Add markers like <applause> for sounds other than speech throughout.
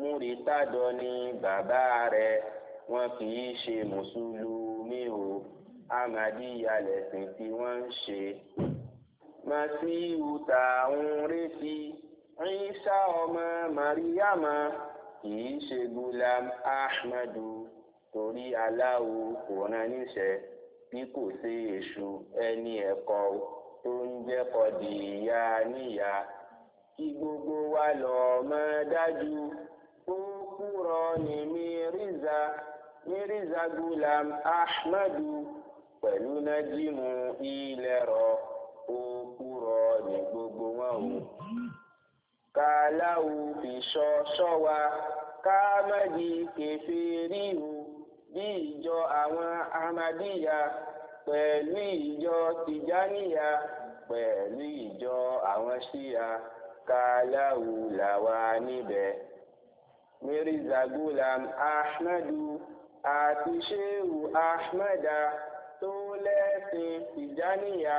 múri tádọ ni bàbá rẹ̀ wọn kì í ṣe mùsùlùmí o amadíyà lẹ̀sìn tí wọ́n ń ṣe. masiu tá retí Ìsá ọmọ mariama kì í ṣe gulam ahmadu torí aláwo kò rán níṣẹ́ bí kò sí èṣù ẹni ẹ̀kọ́ tó ń jẹ́kọ̀ọ́ di níyà kí gbogbo wa lọ́ọ́ mọ̀ dájú ni mírízà mírízà gulam ahmadu pẹ̀lú nájímù ilẹ̀rọ òkúrọ̀ ní gbogbo wọn o. kàláwù ìṣọ́ ṣọ́wa káàmẹ́jì kẹfẹ́ríhù bí ìjọ àwọn ahmadiyya pẹ̀lú ìjọ tìjáníyà pẹ̀lú ìjọ àwọn ṣíya kàláwù làwa níbẹ̀. mirza gulam ahmadu àti sheu ahmada tó lẹ́sìn tìjáníyà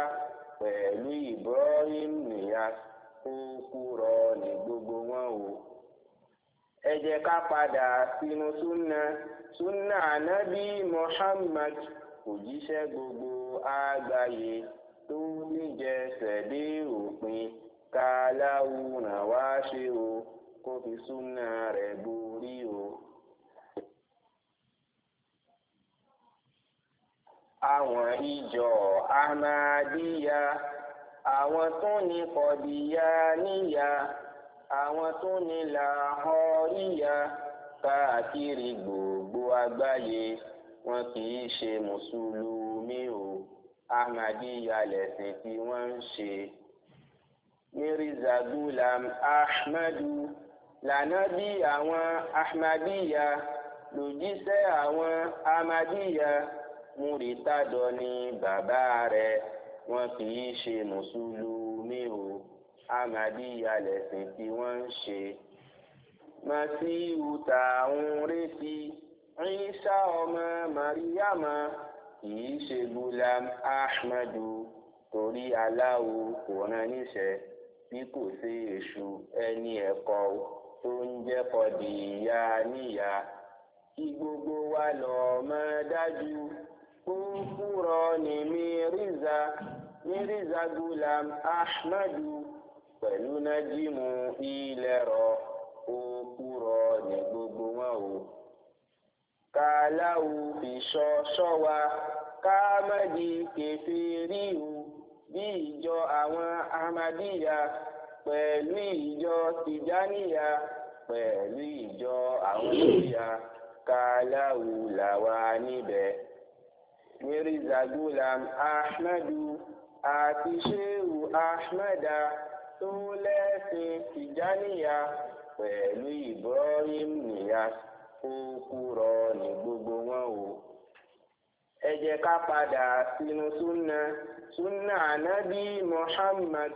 pẹ̀lú ibrahim niyas kó kúrọ ní gbogbo wọn o ẹ jẹ́ ká padà sínú súnà súnà ànábì muhammad gbogbo àgbáyé tó níjẹsẹ̀ dé òpin ká láwùrán kó fi súnà rẹ̀ borí o. àwọn ìjọ ahmadiyya àwọn tó ní kọdíyà níyà àwọn tó ní làhọríyà káàkiri gbogbo àgbáyé wọn kì í ṣe mùsùlùmí o ahmadiyya lẹ̀sìn tí wọ́n ń ṣe. Mirza Ahmadu lànábì àwọn ahmadiyya lòjíṣẹ́ àwọn ahmadiyya múritádọ ni bàbá rẹ̀ wọn kì í ṣe mùsùlùmí o ahmadiyya lẹ̀sìn tí wọ́n ń ṣe. masiu tá retí Ìsá ọmọ Màríyàmá kì ṣe gulam ahmadu torí aláwo kò rán níṣẹ́ bí kò sí èṣù ẹni ẹ̀kọ́ o tó ń jẹ́ kọ̀dìyà níyà kí gbogbo wa lọ máa dájú kúnkúrọ ní mírízà mírízà gulam ahmadu pẹ̀lú nájímù ilẹ̀rọ kúnkúrọ ní gbogbo wọn o kàláwù ìṣọ́ ṣọ́wa káàmádì kẹfẹ́ ríhu bí ìjọ àwọn ahmadiyya. pẹ̀lú ìjọ tìjáníyà pẹ̀lú ìjọ àwọn ìyá kàláwù làwà níbẹ̀. mirza gulam ahmadu àti sheu ahmada tó lẹ́sìn tìjáníyà pẹ̀lú ibrahim niyas kó kúrọ ní gbogbo wọn o. ẹ jẹ́ ká padà sínú súnà súnà ànábì muhammad.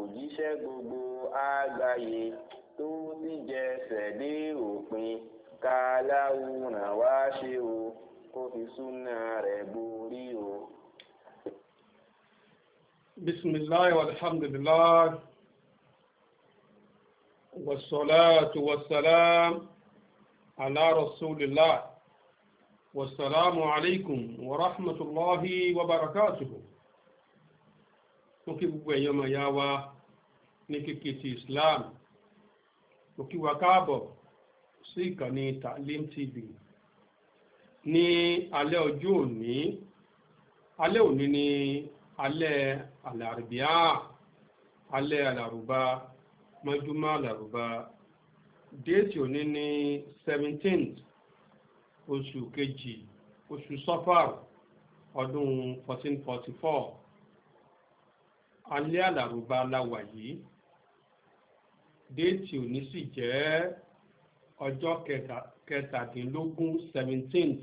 òjíṣẹ́ gbogbo àgbáyé tó sì jẹsẹ̀ dé òpin ká láwùrán wá ṣe o kó fi súnà rẹ̀ borí o. bisimilayi alhamdulilayi wasalaatu wasalaam ala rasulillah wasalaamu alaykum wa rahmatulahi wa barakatuhu mo kí gbogbo ẹ̀yin ọmọ ìyá wa ní kíkí ti Islam mo kí wa káàbọ̀ sí ìkànnì Taalim TV ní alẹ́ ọjọ́ òní alẹ́ òní ni alẹ́ alàrìbíà alẹ́ alàrúbá mọ́júmọ́ alàrúbá déètì òní ní seventeenth oṣù kejì oṣù sọ́fà ọdún fourteen forty four alẹ́ àlàrúbá láwà yìí déètì òní sì jẹ́ ọjọ́ kẹtàdínlógún seventeenth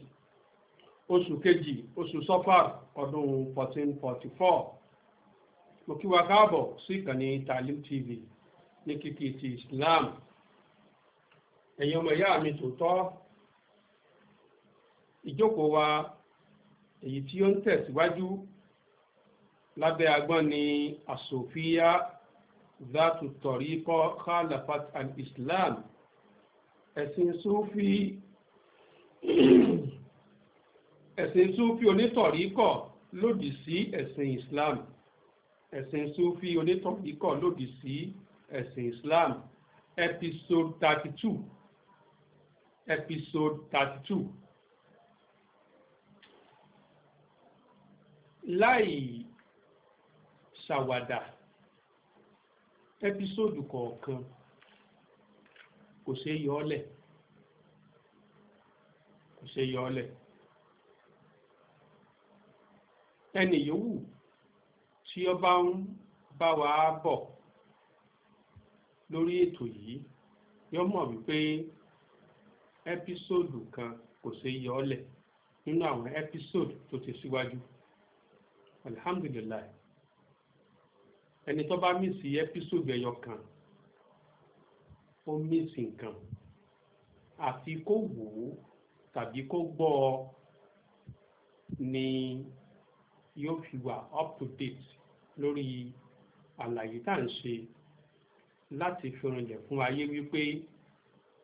oṣù kejì oṣù sọ́fà ọdún fourteen forty four mo kí wa káàbọ̀ sí ìkànnì Taalim TV ní kìkì ti Islam ẹ̀yin ọmọ ìyá mi tòótọ́ ìjókòó wa èyí tí ó ń tẹ̀síwájú lábẹ́ agbọ́n ni asòfíà zatu tọ̀ríkọ́ khalafat al-islam ẹ̀sìn súfì <clears throat> ẹ̀sìn súfì onítọ̀ríkọ̀ lòdì sí ẹ̀sìn islam ẹ̀sìn súfì onítọ̀ríkọ̀ lòdì sí ẹ̀sìn islam episode thirty two episode thirty two láì. ṣàwàdà ẹ́písòdù kọ̀ọ̀kan kò ṣe yọ ọ́lẹ̀ kò ṣe yọ ọ́lẹ̀ ẹnì yòówù tí ó bá ń bá wa bọ̀ lórí ètò yìí yóò mọ̀ wípé ẹ́písòdù kan kò ṣe yọ ọ́lẹ̀ nínú àwọn ẹ́písòdù tó ti síwájú alhamdulillah ẹni tó bá mísì ẹ́písòdù ẹ̀yọ kan ó mísì nǹkan àfi kó wò ó tàbí kó gbọ́ ọ ni yóò fi wà up to date lórí àlàyé tá à ń ṣe láti fi rìnlẹ̀ fún ayé wípé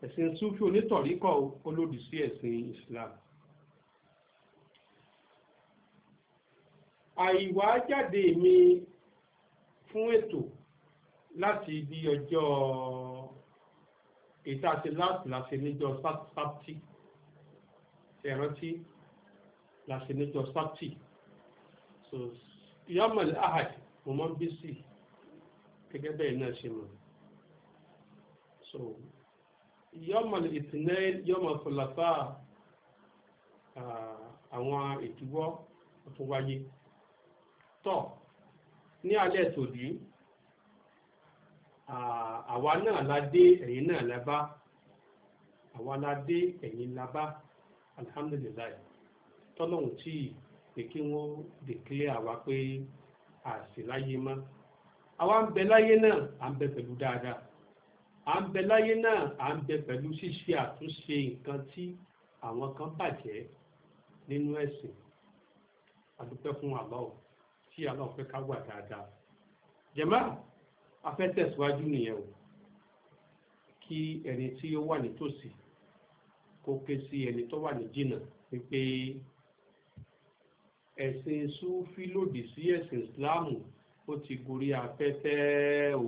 ẹ̀sìn súfì onítọ̀ríkọ̀ olòdì sí ẹ̀sìn Islam. àìwá jáde mi fún ètò láti ibi ọjọ́ ètò àti láti láti níjọ sáptì ẹ̀rántí láti níjọ sáptì so yọmọl ahad mo mọ bí sí gẹ́gẹ́ bẹ́ẹ̀ náà ṣe mọ̀ so yọmọl ìtìlẹ́ yọmọl fọlọ́fà àwọn ìdíwọ́ tó wáyé tọ́. So, ní alẹ́ tòní àwa náà la dé ẹ̀yin náà la bá àwa la dé ẹ̀yin la bá alihamudulilayi tọ́lọ́hún tí pé kí wọ́n dèkílé àwa pé àṣì láyé mọ́ àwa ń bẹ láyé náà à ń bẹ pẹ̀lú dáadáa à ń bẹ láyé náà à ń bẹ pẹ̀lú ṣíṣe àtúnṣe nǹkan tí àwọn kan bàjẹ́ nínú ẹ̀sìn a dúpẹ́ fún Allah tí a fẹ́ ká wà dáadáa jẹ̀má afẹ́tẹ̀síwájú nìyẹn o kí ẹni tí ó wà nítòsí kó ké sí ẹni tó wà ní jìnnà wípé ẹ̀sìn súfí lòdì sí ẹ̀sìn ìsìláàmù ó ti gorí afẹ́fẹ́ o.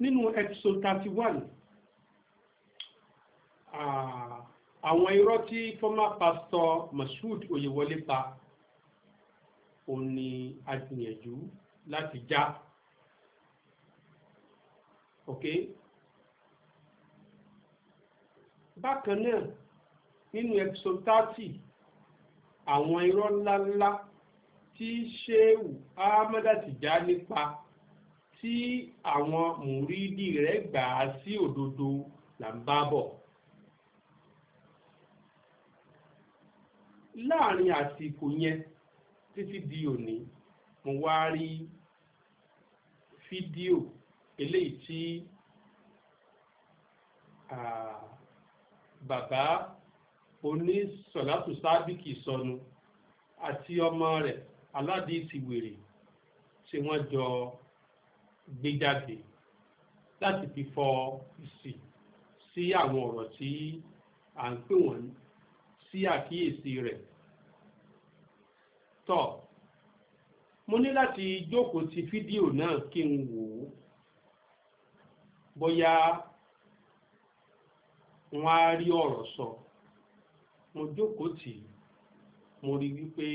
nínú episode thirty one. Ah, àwọn irọ́ tí former pastor Mashood Oyewole pa ó ní agbìyànjú láti já ok bákan náà nínú episode thirty àwọn irọ́ ńláńlá tí Shehu Ahmada Tijani pa tí àwọn mùrídìí rẹ̀ gbà á sí òdodo là ń bá bọ̀. láàrin àsìkò yẹn títí di òní mo wá rí fídíò eléyìí tí bàbá onísọ̀látù sábìkì sọnù àti ọmọ rẹ̀ aládìsí wèrè tí wọ́n jọ gbé jáde láti fi fọ ìsì sí àwọn ọ̀rọ̀ tí à ń pè wọ́n sí àkíyèsí rẹ̀ tọ́ mo ní láti jókòó ti fídíò náà kí n wò ó bóyá wọ́n á rí ọ̀rọ̀ sọ mo jókòó tì í mo rí wípé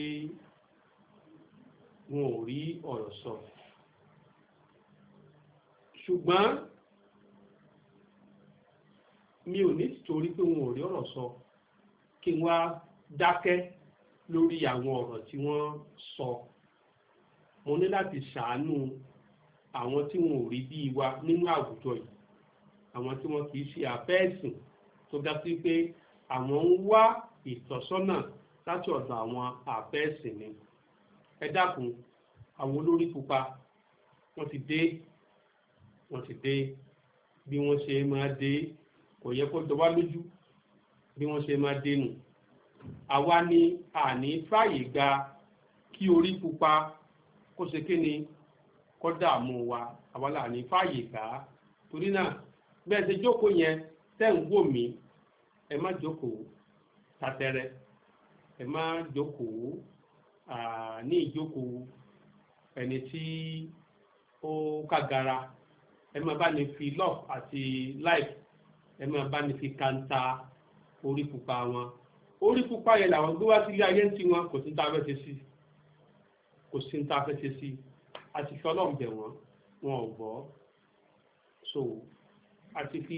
wọn ò rí ọ̀rọ̀ sọ ṣùgbọ́n mi ò ní torí pé wọn ò rí ọ̀rọ̀ sọ. So kí n wá dákẹ́ lórí àwọn ọ̀rọ̀ tí wọ́n sọ mo ní láti ṣàánú àwọn tí wọn ò rí bíi wa nínú àwùjọ yìí àwọn tí wọn kì í ṣe àfẹ́ẹ̀sìn tó ga sí pé àwọn ń wá ìtọ́sọ́nà láti ọ̀dọ̀ àwọn àfẹ́ẹ̀sìn ni ẹ dákun àwọn olórí pupa wọ́n ti dé wọ́n ti dé bí wọ́n ṣe máa dé kò yẹ kó jọ wá lójú bí wọ́n ṣe máa dénú àwa ni àní fàyè gba kí orí pupa kó ṣe kí ni kó dààmú wa àwa là ní fàyè gbà á torí náà bẹ́ẹ̀ ṣe jókòó yẹn tẹ́ ń wò mí ẹ má jókòó tatẹrẹ ẹ má jókòó ní ìjókòó ẹni tí ó kàgara ẹ má bá ní fi love àti life ẹ má bá ní fi kanta orí pupa wọn orí pupa yẹn làwọn gbé wá sílé ayé tí wọn kò sí ta fẹ́ ṣe sí kò sí ta fẹ́ ṣe sí àti fi ọlọ́run bẹ̀ wọ́n wọn ò gbọ́ so àti fi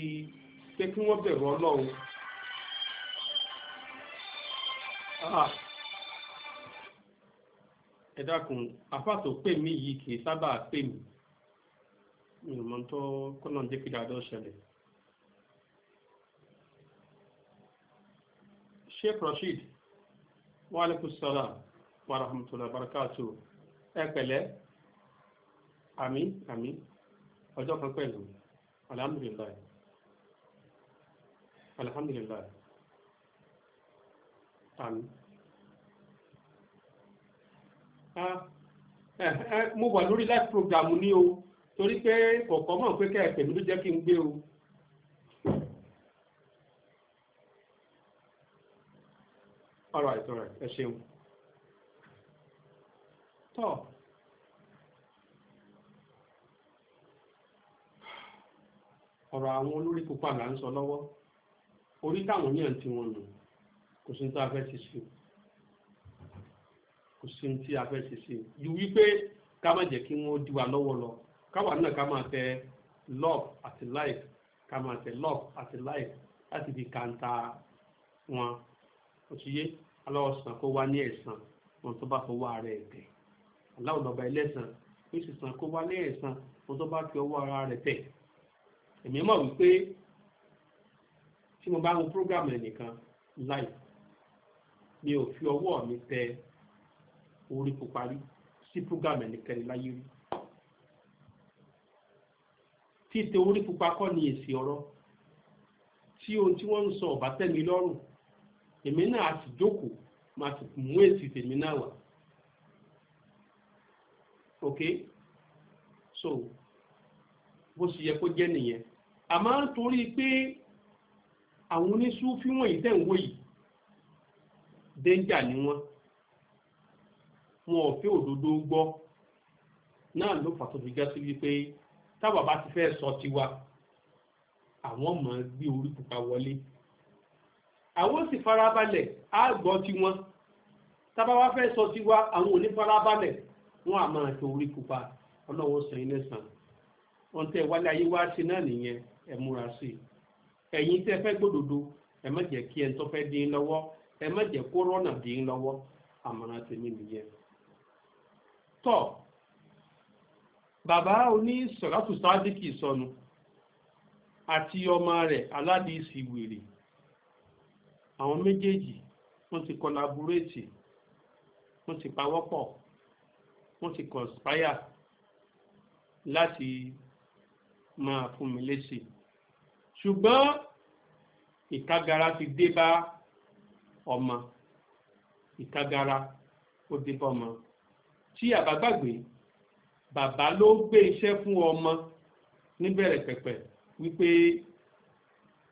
pé kí wọ́n bẹ̀rù ọlọ́run. Ah. ẹ dákun afá tó pè mí yìí kì í sábà pè mí mi ò mọ̀ tó kọ́nà jẹ́ kí dáadọ́ ṣẹlẹ̀. sheikh rasheed wa alaikum salaam wa rahmatullahi wa barakatuh ẹ pẹ̀lẹ́ àmì àmì ọjọ́ kan pẹ̀lú alhamdulilayi alhamdulilayi àmì. mo wà lórí live program ní o torí pé kọ̀ọ̀kan mọ̀ pé kẹ́ ẹ pẹ̀lú jẹ́ kí n gbé o. all right all right ẹ ṣeun tọ́ ọ̀rọ̀ àwọn olórí pupa là ń sọ lọ́wọ́ orí táwọn yẹn tí wọ́n nù kò sí tí a fẹ́ ti sí kò sí tí a fẹ́ ti sí ju wípé ká má jẹ́ kí wọ́n di wa lọ́wọ́ lọ káwa náà ká máa tẹ love àti life ká máa tẹ love àti life láti fi kàńtà wọn òṣìyé aláwọ̀sàn kó wá ní ẹ̀san ohun tó bá fọwọ́ ara ẹ̀ tẹ̀ aláwọ̀ lọ́ba ẹlẹ́sàn ó sì sàn kó wá ní ẹ̀san ohun tó bá fi ọwọ́ ara rẹ̀ tẹ̀ èmi mọ̀ wípé tí mo bá ń program ẹnìkan live mi ò fi ọwọ́ mi tẹ orí kò parí sí program ẹnìkan láyé rí títẹ orí pupa kọ́ ni èsì ọ̀rọ̀ tí ohun tí wọ́n ń sọ ọ̀bá tẹ́mi lọ́rùn èmi náà á sì jókòó máa sì mú èsì tèmi náà wá ok so bó sì yẹ kó jẹ́ nìyẹn àmọ́ torí pé àwọn oníṣúfí wọ̀nyí tẹ̀ ń wò yìí dẹ́njà ni wọ́n wọn ò fẹ́ òdodo gbọ́ náà ló fà tó fi já sí wípé táwa bá ti fẹ́ sọ tiwa àwọn ọmọ gbé orí pupa wọlé àwọn sì farabalẹ̀ á gbọ́ tiwọn tábà fẹ́ sọ tiwa àwọn ò ní farabalẹ̀ wọn àmọ́ orí pupa ọlọ́wọ́ sẹ́yìn lẹ́sàn wọn tẹ wálé ayé wá sí náà nìyẹn ẹ múra sí i ẹ̀yin tẹ́ fẹ́ gbódòdó ẹ má jẹ́ kí ẹni tó fẹ́ dín lọ́wọ́ ẹ má jẹ́ kó rọ́nà dín lọ́wọ́ tèmi nìyẹn. tọ́ àwọn méjèèjì wọ́n ti collaborate wọ́n ti pawọ́pọ̀ wọ́n ti conspire láti máa fún mi lésì ṣùgbọ́n ìkágara ti dé bá ọmọ ìkágara ó dé bá ọmọ tí àbágbàgbé bàbá ló gbé iṣẹ́ fún ọmọ níbẹ̀rẹ̀ pẹ̀pẹ̀ wípé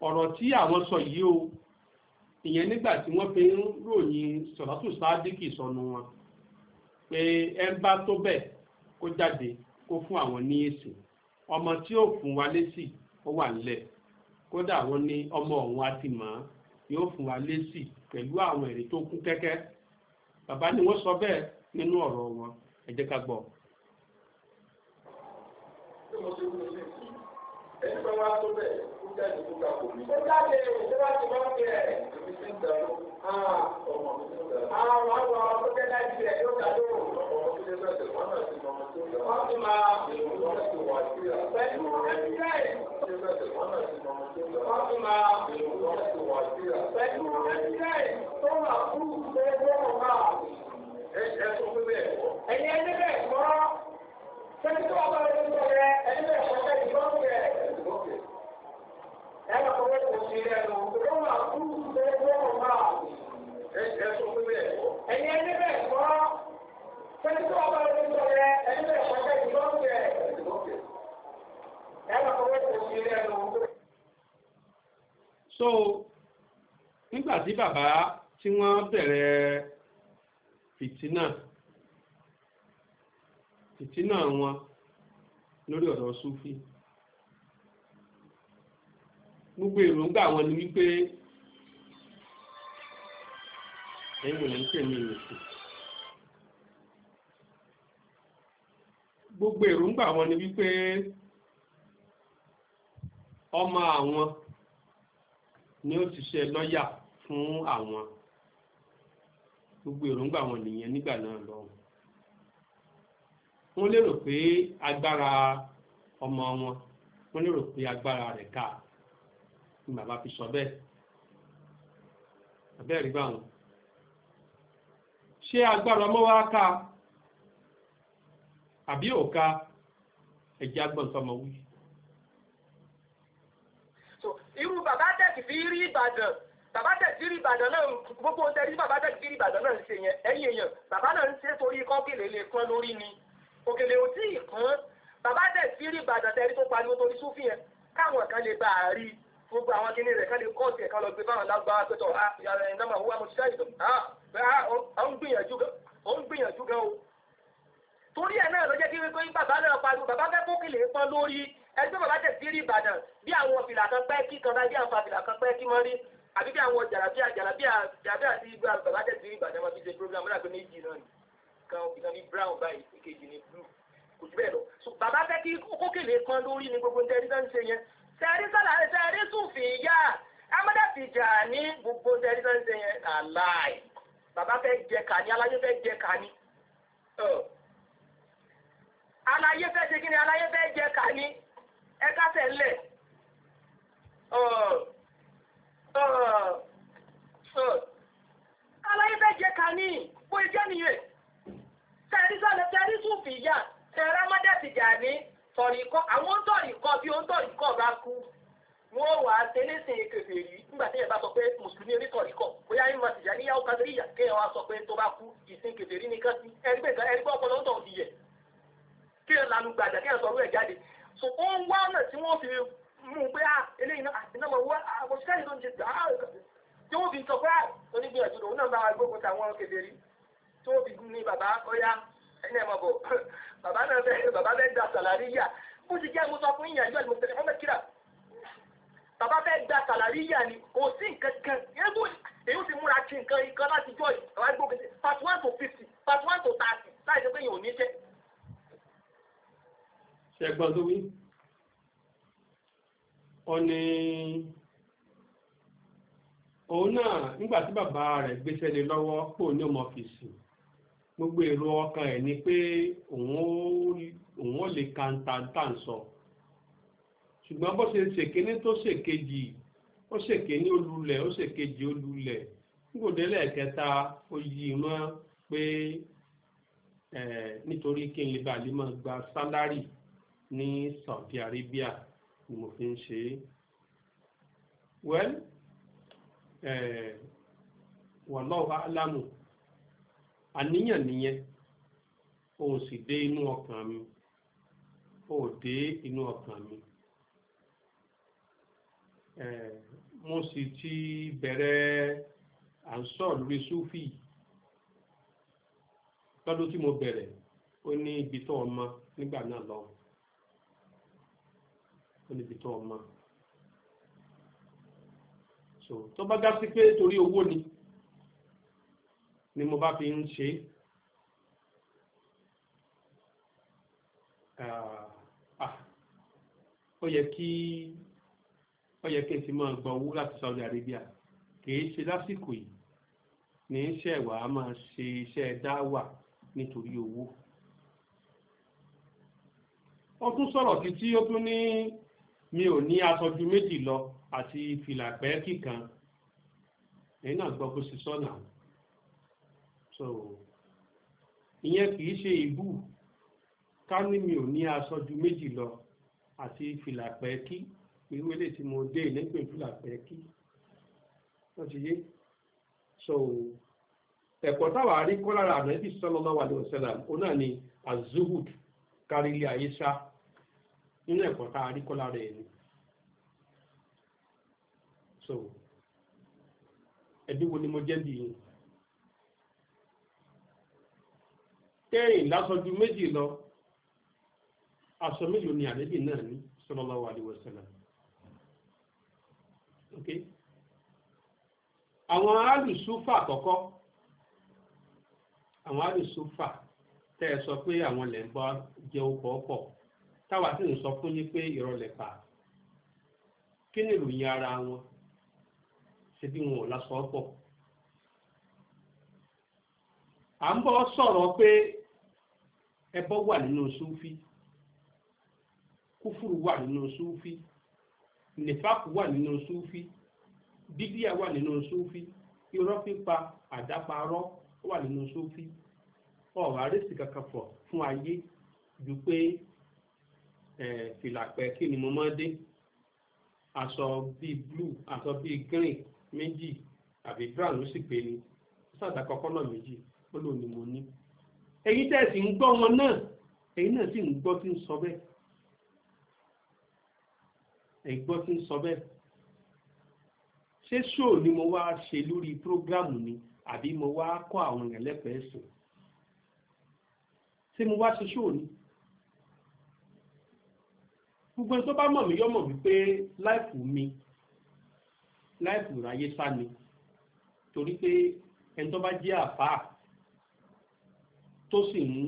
ọ̀rọ̀ tí àwọn sọ yìí o ìyẹn nígbà tí wọ́n fi ń ròyìn sọ̀rọ̀tù sádìkì sọnù wọn pé ẹ bá tó bẹ́ẹ̀ kó jáde kó fún àwọn ní èsì ọmọ tí ó fún wa lésì ó wà nílẹ̀ kódà wọ́n ní ọmọ ọ̀hún á ti mọ̀ yóò fún wa lésì pẹ̀lú àwọn èrè tó kẹ́kẹ́ bàbá ni wọ́n sọ bẹ́ẹ̀ nínú ẹ gbọ́. ẹni bá wá tó bẹ́ẹ̀ kó jáde kó ká kò ní. kó jáde ìjọba ti bọ́ sí ẹ̀. èmi ti ń dàlú. Ah. ọmọ mi ti ń dàlú. Ah, àwọn àwọn ọmọ tó kẹ́lá ti rẹ̀ yóò dàlú. ọmọ tó kẹ́lá ti rẹ̀ wọ́n náà ti mọ ọmọ tó yẹ. wọ́n ti máa èrò lọ́wọ́ ti wà sí ẹ̀. pẹ̀lú ẹbí rẹ̀. wọ́n ti máa èrò lọ́wọ́ ti wà sí ẹ̀. pẹ̀lú ẹbí rẹ̀ tó wà fún ìgbẹ́ ẹgbẹ́ ọ̀gá. ẹ Sẹ́ni tó wà bá rẹ̀ ń sọ̀rọ̀ ẹ, ẹni bẹ̀rẹ̀ kọjá ìgbọ́n rẹ̀. Ẹ máa fọwọ́ kò sí ilé ẹnu, ó máa kú tó wọ́n máa. Ẹ sọ fún mi ẹ̀ kọ́. Ẹ̀yin ẹni So, nígbà tí bàbá tí wọ́n bẹ̀rẹ̀ fìtínà. titi wọn lórí n'ori súfì gbogbo èròǹgbà wọn ni wípé ẹ̀yin wòlé ń pè ní gbogbo èròǹgbà wọn ni wípé ọmọ àwọn ni ó ti ṣe lọ́yà fún àwọn gbogbo èròǹgbà wọn nìyẹn nígbà náà lọ́wọ́. wọ́n lérò pé agbára ọmọ wọn wọ́n lérò pé agbára rẹ̀ ká ni bàbá fi sọ bẹ́ẹ̀ abẹ́rẹ́ bá wọn ṣé agbára ọmọ wa ká àbí òka ẹ̀jẹ̀ agbọ̀ntọ́mọ wí. irú bàbá tẹ̀sí fi rí Ìbàdàn bàbá tẹ̀sírí ìbàdàn náà gbogbo tẹ̀sírí bàbá tẹ̀sírí ìbàdàn náà ń ṣe yẹn ẹ̀yìn èèyàn bàbá náà ń ṣe torí kọ́kìlì lè kán lórí ni òkèlè ò tí ì kán bàbá dẹ̀ sí rí ìbàdàn tẹ́rí tó pariwo torí súfì yẹn káwọn kan lè bá a rí gbogbo àwọn kíní rẹ̀ kán lè kọ́ọ̀tì ẹ̀ka lọ gbé fáwọn lágbára pẹ̀tọ̀ ah, yàrá ẹ̀ náà wà mọ̀ṣíṣá ìdùn à ń gbìyànjú gan o torí ẹ̀ náà ló jẹ́ kí wípé bàbá náà pariwo bàbá fẹ́ kókèlè pọ́n lórí ẹgbẹ́ bàbá dẹ̀ sí rí ìbàdàn bí àwọn fìlà kan pẹ́ kí kan bí àwọn fìlà kan àwọn jàràbíà jàràbíà jàràbíà ti gbà bàbá dẹ̀ ìbàdàn wọn fi ṣe program náà pé méjì náà ni kan ìkan ní brown báyìí ìkejì ní blue kò jù bẹ́ẹ̀ lọ so bàbá fẹ́ kí kókèlè kan lórí ni gbogbo ntẹ́rí náà ń ṣe yẹn tẹ̀rí sọ̀lá tẹ̀rí sùfì yá amọ́dá ti jà ní gbogbo ntẹ́rí náà ń ṣe yẹn àláì bàbá fẹ́ jẹ kàní aláyé fẹ́ jẹ kàní aláyé fẹ́ ṣe kí ni aláyé fẹ́ jẹ kàní ẹ kásẹ̀ ńlẹ̀ aláyé fẹ́ jẹ kàní bó ijẹ́ nìyẹn kẹrí sọ́lọ kẹrí sùfìyà tẹ̀rẹ́ mọ́dẹ̀tìjà ní tọ̀ríkọ́ àwọn tọ̀ríkọ́ bí ó ń tọ̀ríkọ́ bá kú wọ́n wà á tẹ́lẹ̀ sí èkèfè yìí nígbà tí ẹ bá sọ pé mùsùlùmí onítọ̀ríkọ̀ bóyá ìmọ̀ tìjà ní yàwó kadiri yà kí ẹ wá sọ pé tó bá kú ìsìn kèfè rí nìkan sí ẹni pé ẹni pé ọpọlọ ń tọ̀ ti yẹ kí ẹ lanu gbàdà kí ẹ sọ orú ẹ jáde so ó ń wá ọ̀nà tí wọ́n fi mú un pé à ah, eléyìí náà àti náà wọ́n àwọn òṣìṣẹ́ yìí ló ń ṣe gbà á ah, tí wọ́n fi sọ pé à ah, onígbìyànjú lòun náà bá wa gbógun tàwọn kèfè tó fi gún ní bàbá ọ̀yá ẹni ẹ̀ mọ̀ bọ̀ <laughs> bàbá náà bẹ́ẹ̀ bàbá bẹ́ẹ̀ da sàlárí yà bó ti jẹ́ mo sọ fún ìyànjú àti mo tẹ̀lé fún mẹ́kìrà bàbá fẹ́ gba sàlàrí yà ni kò sí nǹkan kan yẹ́gbó èyí ó ti múra kí nǹkan ikán láti jọ yìí bàbá gbó kẹsẹ̀ part one to fifty part one to thirty láì jẹ́ pé yẹn ò ní jẹ́. ṣẹ̀gbọ́n tó wí ọ ni òun náà nígbà tí bàbá rẹ̀ gbéṣẹ́ ni lọ́wọ́ pò ní ọmọ ọ́fíìsì. gbogbo èrò ọkàn ẹ̀ ni pé òun ò ka nta nta sọ ṣùgbọ́n bó ṣe tó ṣèkejì ó ṣèkéní olulẹ̀ ó ṣèkejì olulẹ̀ nígbòdélẹ̀ kẹta ó yí mọ́ pé nítorí gba sálárì ní Saudi Arabia ni fi ń ṣe é well àníyàn nìyẹn o sì dé inú ọkàn mi o dé inú ọkàn mi mo sì ti bẹ̀rẹ̀ à ń sọ lórí súfì lọ́dún tí mo bẹ̀rẹ̀ ó ní ibi tó ọmọ nígbà náà lọ ó ní ibi tó ọmọ tó bá dá sí pé torí owó ni ni mo bá fi ń ṣe ah, ah, ó yẹ kí ó yẹ kí n ti máa gba owó láti Saudi Arabia kìí ṣe lásìkò yìí ní iṣẹ́ ìwà á máa ṣe iṣẹ́ dáwà nítorí owó ó tún sọ̀rọ̀ sí tí ó tún ní mi ò ní aṣọ méjì lọ àti fìlà pẹ́ẹ́kì kan èyí náà gbọ́ kó sì sọ́nà àwọn so ìyẹn kìí ṣe ìbú ká ní mi ò ní aṣọ ju méjì lọ àti fìlà pẹ́ẹ́kí irú eléyìí tí mo dé ìlẹ́gbẹ̀ẹ́ fìlà pẹ́ẹ́kí wọ́n ti yé so ẹ̀kọ́ táwa rí kọ́ lára ànábì sallallahu alaihi wasallam òun náà ni azuhud kárí ilé ayé sá nínú ẹ̀kọ́ tá a rí kọ́ lára ẹ̀ ni so ẹbí wo ni mo jẹ́ bí yìí. tẹ́yìn lásán meji méjì lọ aṣọ mélòó ni àlébì náà ní sallallahu alaihi ok àwọn alùsúfà àkọ́kọ́ àwọn alùsúfà tẹ́ ẹ sọ pé àwọn lè jẹ́ ọkọ̀ ọkọ̀ táwa sì ń sọ fún yín pé ara wọn ṣe bí wọn ò lásọ ọ̀pọ̀ à ń bọ́ ẹbọ wà nínú súfí kúfùrù wà nínú súfí nìfàkù wà nínú súfí bídíà wà nínú súfí irọ́ pípa àdáparọ́ wà nínú súfí ọ̀rọ̀ àrèsì kankan fún ayé ju pé fìlàpẹ́ kí ni mo máa dé aṣọ bíi blue aṣọ bíi green méjì àbí brown ló sì pé ni sáàdà kọkọ náà méjì ó lò ní mo ní èyí tẹ́ sì ń gbọ́ wọn náà èyí náà sì ń gbọ́ tí ń sọ bẹ́ẹ̀ èyí gbọ́ tí ń sọ bẹ́ẹ̀ ṣé ṣóò ni mo wá ṣe lórí prógrámù ni àbí mo wá kọ́ àwọn èèyàn lẹ́pẹ̀ẹ́ sùn ṣé mo wá ṣe ṣóò ni gbogbo ẹni tó bá mọ̀ mí yọ mọ̀ wípé láìpù mi láìpù ráyé sá ni torí pé ẹni tó bá jẹ́ àfáà tó sì ń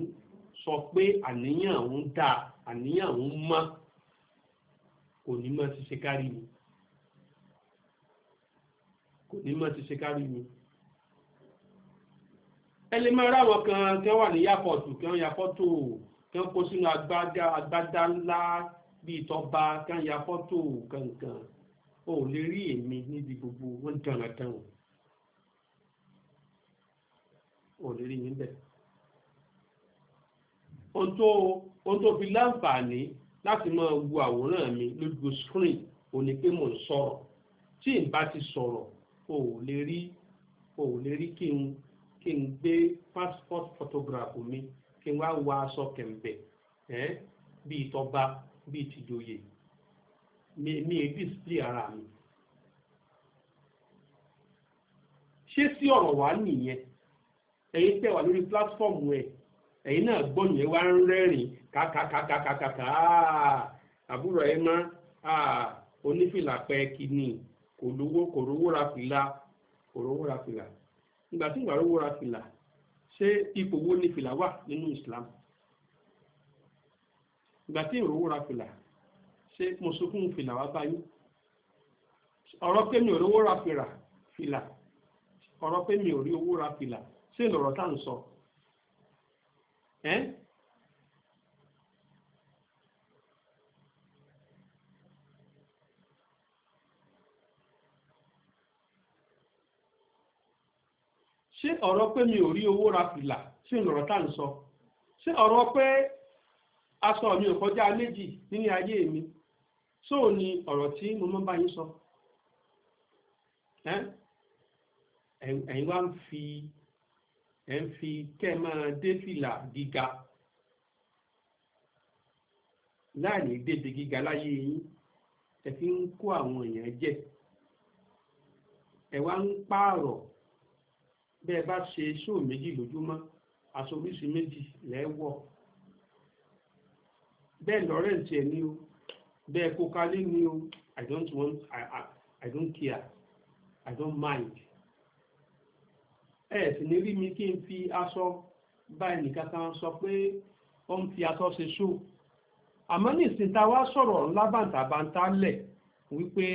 sọ pé àníyàn òun dà àníyàn òun mọ́ kò ní mọ́ ti ṣe kárí mi kò ní mọ́ ti ṣe kárí mi ẹlẹ́ máa ráwọ̀ kan kí wà ní yàpọ̀tù kí wọ́n yàpọ̀tò kí wọ́n kó sínú agbádá agbádá ńlá bíi tọba kí wọ́n yàpọ̀tò kankan ò lè rí èmi níbi gbogbo wọ́n dáná dáná ò lè rí mi bẹ́ẹ̀ ohun tó fi láǹfààní láti máa wo àwòrán mi lójú screen ò ní pé mò ń sọ̀rọ̀ tí n bá ti sọ̀rọ̀ o ò lè rí o ò lè rí kí n kí n gbé passport photograph mi kí n wá wọ aṣọ kẹ̀m̀bẹ̀ ẹ́ bíi tọba bíi tìjòyè mi mi display ara mi. ṣé sí ọ̀rọ̀ wá nìyẹn ẹ̀yin tẹ̀ wà lórí pílátífọ̀mù ẹ̀ ẹ̀yin náà yẹn wá ń rẹ́rìn kàkàkàkàkàkà àbúrò má onífìlà ni kò lówó kò rówó ra fìlà kò rówó ra fìlà ìgbà tí ìgbà rówó ra fìlà ṣé ipò wo ni fìlà wà nínú Islam ìgbà tí ìrówó ra fìlà ṣé mo fìlà báyìí ọ̀rọ̀ pé mi ò rówó ra fìlà ọ̀rọ̀ pé mi ò rí uh ṣé ọ̀rọ̀ pé mi ò rí owó ra fìlà ṣé ìrọ̀rọ̀ tá à ń sọ ṣé ọ̀rọ̀ pé aṣọ mi ò kọjá méjì nínú ayé mi ṣó ni ọ̀rọ̀ tí mo máa bá yín sọ ẹ̀yin wá ń fi ẹ̀ ń fi kẹ́ máa dé fìlà gíga láàní débi gíga láyé yín ẹ fi ń kó àwọn èèyàn jẹ ẹ wá ń pààrọ̀ bẹ́ ẹ bá ṣe ṣóò méjì lójúmọ́ aṣọ oríṣi méjì lẹ́wọ̀ bẹ́ẹ̀ lọ́rẹ̀ǹtì ẹ̀ ni o bẹ́ẹ̀ kó kalẹ̀ ni o I don't want I, I don't care I don't mind ẹ sì ní rí mi kí n fi aṣọ bá ẹnìkan kan sọ pé ó ń fi aṣọ ṣe ṣó àmọ́ ní ìsìn tá a wá sọ̀rọ̀ ńlá bàǹtàbàǹtà lẹ̀ wípé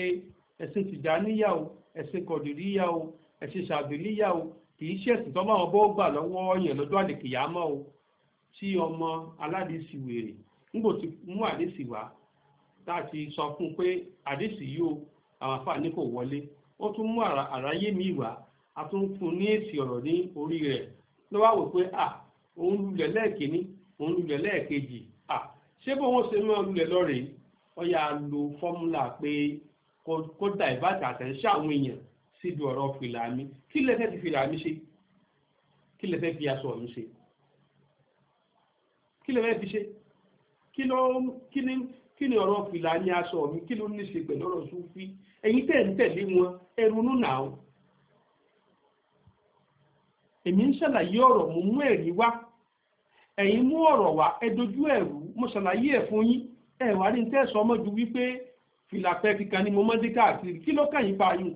ẹ̀sìn tìjàníyà o ẹ̀sìn kọ̀dìríyà o ẹ̀sìn ṣàbílíyà o kì í ṣẹ̀sìn tó máa bọ́ gbà lọ́wọ́ yẹn lọ́jọ́ àdìkìyàmọ́ o tí ọmọ aládìsí wèrè ńgbò ti mú àdìsí wá láti sọ fún un pé àdìsí yìí àwọn àfààní kò wọlé ó tún mú àráyé mi wá a tún fún ní èsì ọ̀rọ̀ ní orí rẹ̀ ló wá wò pé à òun lulẹ̀ lẹ́ẹ̀kínní òun lulẹ̀ lẹ́ẹ̀kejì à ṣé bó wọn ṣe máa lulẹ̀ lọ́rẹ̀ wọ́n lo fọ́múlà pé kó da ìbátan àtẹ̀ṣẹ́ àwọn èèyàn síbi ọ̀rọ̀ fìlà mi kí lẹ fẹ́ fi fìlà mi ṣe kí lẹ fẹ́ fi aṣọ mi ṣe kí lẹ fẹ́ fi ṣe kí ni ọ̀rọ̀ fìlà ní aṣọ mi kí ló ní ṣe pẹ̀lú ọ̀rọ̀ sùn fi ẹ̀yin tẹ̀ ń tẹ̀lé wọn ẹrunú náà èmi ń ṣàlàyé ọ̀rọ̀ mo mú ẹ̀rí wá ẹ̀yin mú ọ̀rọ̀ wá ẹ dojú ẹ̀rú mo ṣàlàyé ẹ̀ fún yín ẹ̀ wá ní tẹ́sán ọmọ ju wípé fìlàpẹ́ kíkan ni mo mọ́ dé káàkiri kí ló kàn yín pa yín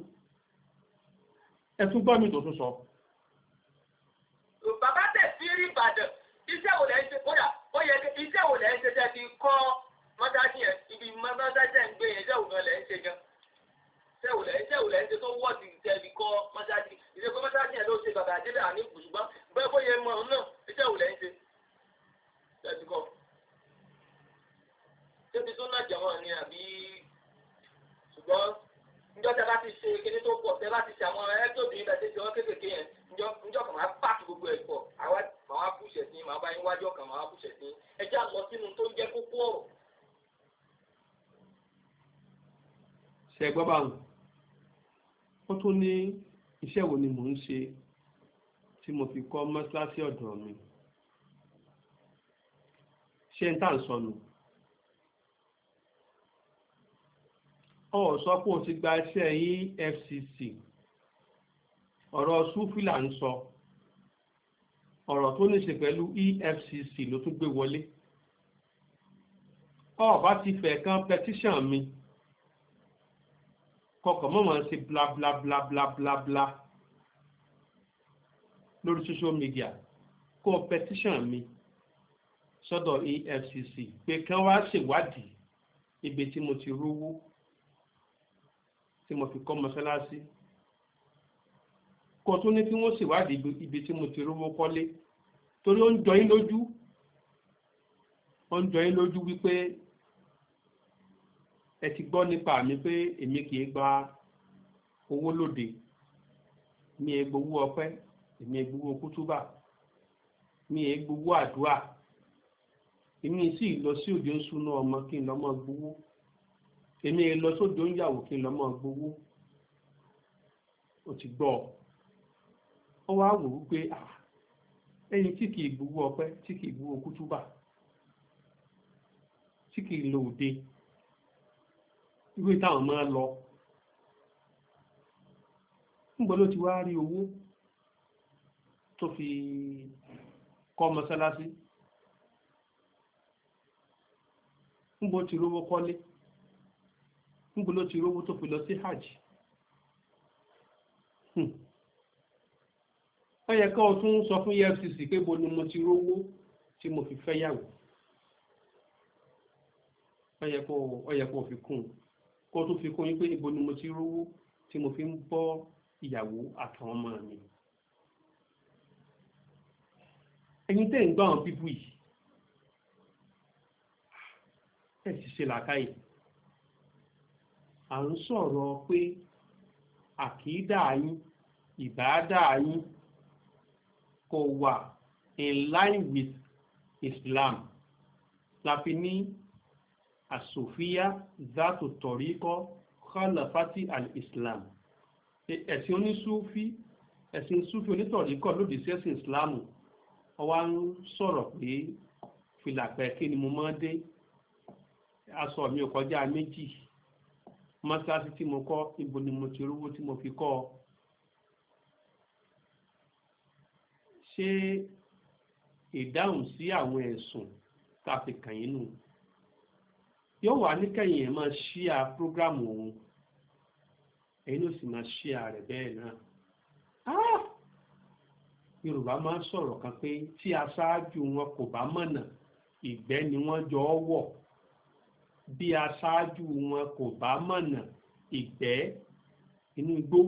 ẹ tún gbọ́ mi tó tún sọ. bàbá tẹ̀ sí rí ìbàdàn iṣẹ́ wo lẹ́ ṣe kódà ó yẹ kí iṣẹ́ wo lẹ́ ń ṣe jẹ́ kọ́ mọ́tàdí yẹn ibi mọ́tàdí yẹn gbé yẹn iṣẹ́ wo lẹ́ ṣe gan tẹ̀wùlẹ̀ tẹ̀wùlẹ̀ ṣe tó wọ́ọ̀dì tẹ̀lé kọ́ mọ́ṣáájì ìṣe kọ́ mọ́ṣáájì yẹn ló ṣe bàbá àdébẹ̀ àní ṣùgbọ́n bẹ́ẹ̀ bóyá mọ̀ ọ́n náà tẹ̀wùlẹ̀ ń ṣe tẹ̀lé kọ́. débi tó náà jẹ̀wọ́n ni àbí ṣùgbọ́n njọ́ tẹ bá ti ṣe kíní tó pọ̀ tẹ bá ti ṣe àwọn ẹgbẹ́ obìnrin bá ti ṣe wọ́n kéékèèké yẹn njọ́ kàn máa pààkì gbogbo ẹ̀ pọ̀ àwa máa kúṣẹ̀ sí máa bá yín wájú ọ̀kan máa kúṣẹ̀ sí ẹ já lọ sínú tó ń jẹ́ kókó ọ̀rọ̀. ṣe gbọ́ báwọn ó tún ní iṣẹ́ wo ni mò ń ṣe tí mo fi kọ́ mọ́ṣáláṣí ọ̀dọ̀ mi ṣé n tà ń sọnù ọ sọ pé o ti gba iṣẹ́ yín e FCC ọ̀rọ̀ sufi ń sọ ọ̀rọ̀ tó ní ṣe pẹ̀lú EFCC ló tún gbé wọlé ọ bá ti fẹ́ kan petition mi kọkàn mọ́ máa ṣe bla bla bla bla bla bla lórí social media kó o petition mi sọ́dọ̀ EFCC pé kán wá ṣèwádìí ibi tí mo ti rówó tí mo fi kọ́ mọ́sálásí kó o tún ní kí wọ́n ṣèwádìí ibi tí mo ti rówó kọ́lé torí ó ń jọ yín lójú ó ń jọ yín lójú wípé ẹ ti gbọ́ nípa mi pé èmi kì í gba owó lóde mi è gbowó ọpẹ́ èmi è gbowó kútúbà mi è gbowó àdúà èmi sì lọ sí òde ń súná ọmọ kí n lọ mọ gbowó èmi è lọ sóde ń yàwó kí n lọ mọ gbowó ó ti gbọ́ ọ wá wò ó pé ah, ẹni tí kì í gbowó ọpẹ́ tí kì í gbowó kútúbà tí kì í lo òde. ìwé táwọn ma lọ níbo ló ti wá rí owó tó fi kọ́ mọ́sálásí níbo ti rówó kọ́lé níbo ló ti rówó tó fi lọ sí hajj hmm. ó yẹ ká o tún sọ fún EFCC pé bo ni mo ti rówó tí mo fi fẹ́ yàwó ó kó o fi kún un. kó tún fi kún yín pé ibo ni mo ti rówó tí mo fi ń bọ́ ìyàwó àtàwọn ọmọ mi ẹ̀yin tẹ́ ń gbọ́ àwọn bíbù yìí ẹ̀ sì ṣe làákàyè à ń sọ̀rọ̀ pé àkídà yín ìbáàdà yín kò wà in line with Islam la fi ní àsòfíà zátò tọ̀ríkọ́ khalafati al-islam ẹ̀sìn onísúfí ẹ̀sìn súfí onítọ̀ríkọ́ lòdì sí ẹ̀sìn ìsìláàmù ọwá ń sọ̀rọ̀ pé fìlà pẹ̀kí ni mo máa dé aṣọ mi ò kọjá méjì mọ́ṣáláṣí tí mo kọ́ ibo ni mo ti rówó tí mo fi kọ́ ọ. ṣé ìdáhùn sí àwọn ẹ̀sùn tá a fi kàn yín nù. yóò wà níkẹyìn ẹ̀ máa ṣíà prógrámù òun ẹ̀yin ó sì máa ṣíà rẹ̀ bẹ́ẹ̀ náà ah! yorùbá máa ń sọ̀rọ̀ kan pé tí aṣáájú wọn kò bá mọ̀nà ìgbẹ́ ni wọ́n jọ ọ́ wọ̀ bí aṣáájú wọn kò bá mọ̀nà ìgbẹ́ inú igbó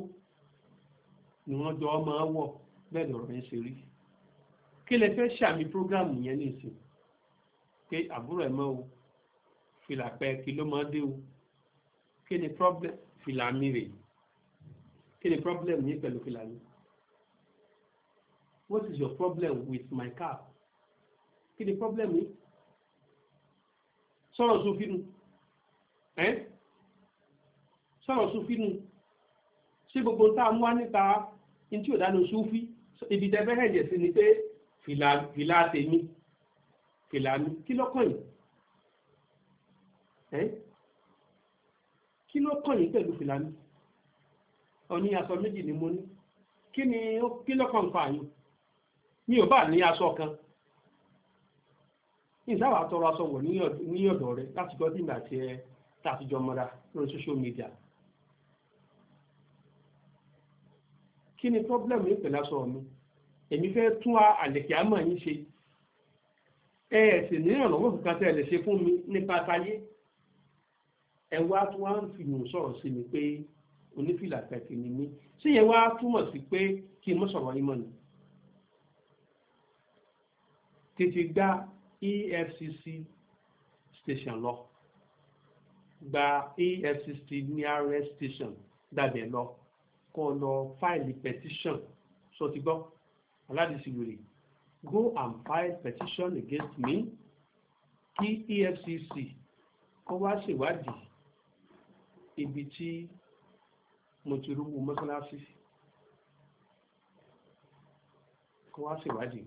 ni wọ́n jọ ọ́ máa wọ̀ bẹ́ẹ̀ lọ̀rọ̀ yẹn ṣe rí kí lè fẹ́ ṣàmì prógrámù yẹn nìsín pé àbúrò ẹ̀ mọ́ o fìlà pẹ́ẹ́kì ló máa dé o kí ni problem fìlà mi rè kí ni problem yín pẹ̀lú fìlà mi what is your problem with my cap kí ni problem yín sọ̀rọ̀ sófin nu ẹ́ sọ̀rọ̀ sófin nu ṣé gbogbo tá a mú wá níta ní tí ò dáná sófí ibi tẹ́ fẹ́ hẹ̀jẹ̀ sí ni pé fìlà tèmi fìlà mi kí lọ́kàn yìí kí ló kàn yín pẹ̀lú fìlà mi ọ̀ní aṣọ méjì ni mo ní kí ni kí ló kàn fà yín mi ò bá ní aṣọ kan ìsáwà tọrọ aṣọ wọ̀ ní ọ̀dọ̀ rẹ láti gbọ́ bí ìgbà tí ẹ tàbíjọ mọ́ra lórí social media kí ni problem yìí pẹ̀lú aṣọ mi èmi fẹ́ tún àlẹ̀kẹ́ àmọ́ yín ṣe ẹ ẹ̀sìn ní ìrànlọ́wọ́ kankan tẹ́ ẹ lè ṣe fún mi nípa tayé ẹ wá tún wá ń fìlù sọ̀rọ̀ sí mi pé onífìlà pẹ̀kì ni mí ṣé yẹn wá túmọ̀ sí pé kí n mọ̀ sọ̀rọ̀ yín mọ̀ ni. tètè gba EFCC station lọ gba EFCC nearest station dàbẹ̀ lọ kó lọ fáìlì petition sọ ti gbọ́ aládìsí wèrè go and file petition against me kí EFCC kó wá ṣèwádìí ibi tí mo ti rúgbó mọ́sálásí kó wá ṣèwádìí.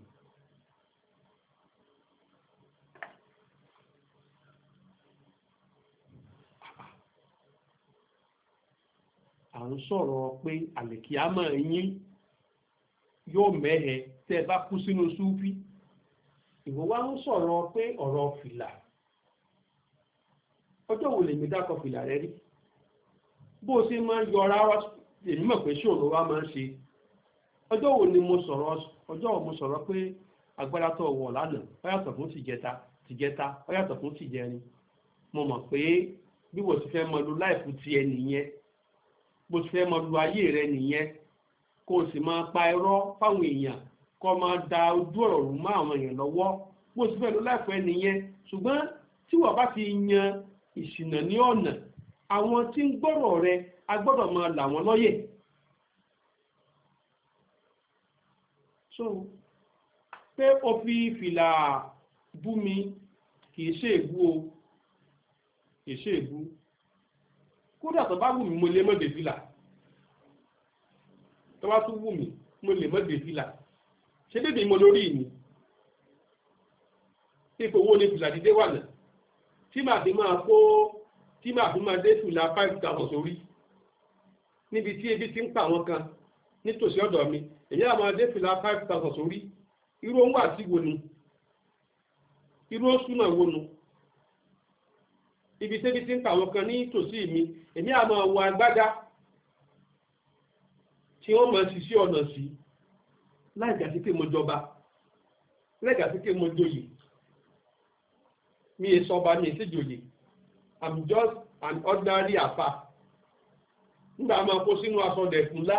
à ń sọ̀rọ̀ pé àlèkíámọ̀ yín yóò mẹ́hẹ tẹ́ bá kú sínú súfí ìwọ wá ń sọ̀rọ̀ pé ọ̀rọ̀ fìlà ọjọ́ wo mi dákọ̀ fìlà rẹ rí bó ṣe máa ń yọra wá èmi mọ̀ pé ṣòro wa máa ń ṣe ọjọ́ wo ni mo sọ̀rọ̀ ọjọ́ wo mo sọ̀rọ̀ pé agbára tó wọ̀ lánàá ó yàtọ̀ fún tìjẹta tìjẹta ó yàtọ̀ fún tìjẹrin mo mọ̀ pé bí wọ́n ti fẹ́ mọ lu láìpù tiẹ̀ nìyẹn bó ti fẹ́ mọ lu ayé rẹ nìyẹn kó o sì máa pa irọ́ fáwọn èèyàn kó o máa da ojú ọ̀rọ̀ rù mọ́ àwọn èèyàn lọ́wọ́ bó ti fẹ́ lu láìpù ẹ nìyẹn ṣùgbọ́n tí wọ́n bá ti yan ìṣìnà ní ọ̀nà àwọn tí ń gbọ́rọ̀ rẹ a gbọ́dọ̀ máa là wọ́n lóye. so pé o fi fìlà bú mi kì í ṣe ègbú o kì í ṣe ègbú kódà tó bá wù mí mo lè mọ́ dé fìlà tó bá tún wù mí mo lè mọ́ dé fìlà dédé mo lórí mi ipò owó ní fìlà dídé wà náà tí màá fi máa kó tí màá fi máa dé fìlà five thousand sórí níbi tí ebi ti ń pa àwọn kan nítòsí ọ̀dọ̀ mi èyí àwọn adé fìlà five thousand sórí irú owó àti wo ni irú òṣùnà wo nu ibi tẹ́bi ti ń pa àwọn kan nítòsí mi èmi àmọ́ wọ agbádá tí wọ́n máa ṣiṣẹ́ ọ̀nà sí láì gàtí pé mo jọba láì gàtí pé mo joyè mi è sọba mi è sì joyè. I'm just an ordinary àfà nígbà máa kó sínú aṣọ dẹ̀kun ńlá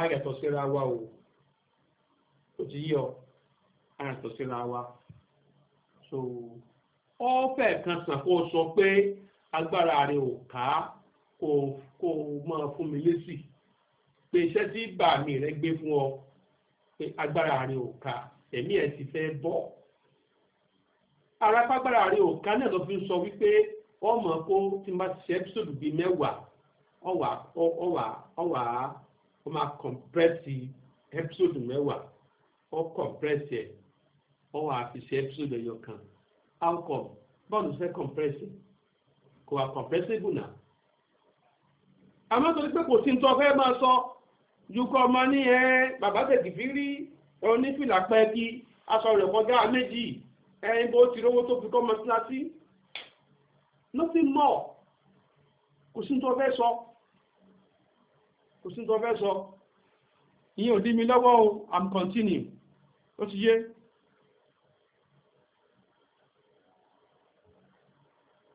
àyàtọ̀ síra wa o kò ti yí ọ àyàtọ̀ síra wa so ọ̀fẹ́ kan sàn kó sọ pé agbára rẹ ò ká kó kó máa fún mi lésì pé iṣẹ́ tí bàmí rẹ gbé fún ọ pé agbára rẹ ò ká ẹ̀mí ẹ̀ ti fẹ́ bọ́ ara pàgbára rẹ ò ká náà ló fi ń sọ wípé ọmọ kó tí n bá ti ṣe ẹ́písòdù bíi mẹ́wàá ọwà ọwà ọwà ó máa kọ̀m̀pẹ́sì ẹ́písòdù mẹ́wàá ó kọ̀m̀pẹ́sì ẹ̀ ọwà àfi ṣe ẹ́písòdù ẹ̀yọ kan alcohol bọ́ọ̀lù ṣe kọ̀m̀pẹ́sì kò wà kọ̀m̀pẹ́sì bùnà. àmọ́ torí pé kò sí ní tó ọfẹ́ máa sọ yukọ ọmọ ní ẹ bàbá tẹ̀gì fi rí onífìlà pẹ́ẹ́kì aṣọ rẹ̀ kọjá méjì ẹ̀yìn bó ti rówó tó fi kọ́ mọ́síláṣí nothing more kò sí tó fẹ́ sọ kò sí tó fẹ́ sọ ìyẹn ò dí lọ́wọ́ o i'm continue ó ti yé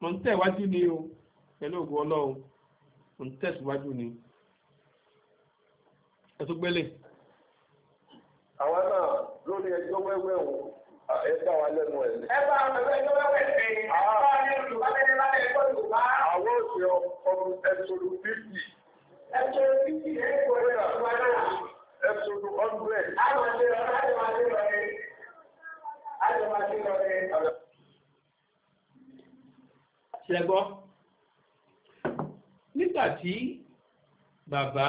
mo ń tẹ̀wájú ni o pẹ̀lú ògùn ọlọ́run mo ń tẹ̀síwájú ni ẹ tó gbélé. àwọn náà lórí ẹjọ́ wẹ́wẹ́ òun Ẹ bá wa lẹ́nu ẹ̀ ní. Ẹ bá wa lẹ́nu ẹ̀ ní wọ́n pẹ̀lú ẹ̀yìn. Àwọn ọmọ ìlú bá tẹ́lẹ̀ bá tẹ́lẹ̀ tó lù wá. Àwọn òṣè ọmọ ẹ̀sọ̀lù fífì. Ẹ̀sọ̀lù fífì ẹ̀ kò rẹ̀ ọ̀túnwá náà. Ẹ̀sọ̀lù ọ̀ndúrẹ̀. Àwọn ọmọ ìlú bá tẹ́lẹ̀ bá tẹ́lẹ̀ lọ rẹ̀. Àwọn ọmọ ìlú bá tẹ́lẹ̀ lọ rẹ̀. Ṣé gbọ́? Nígbà tí bàbá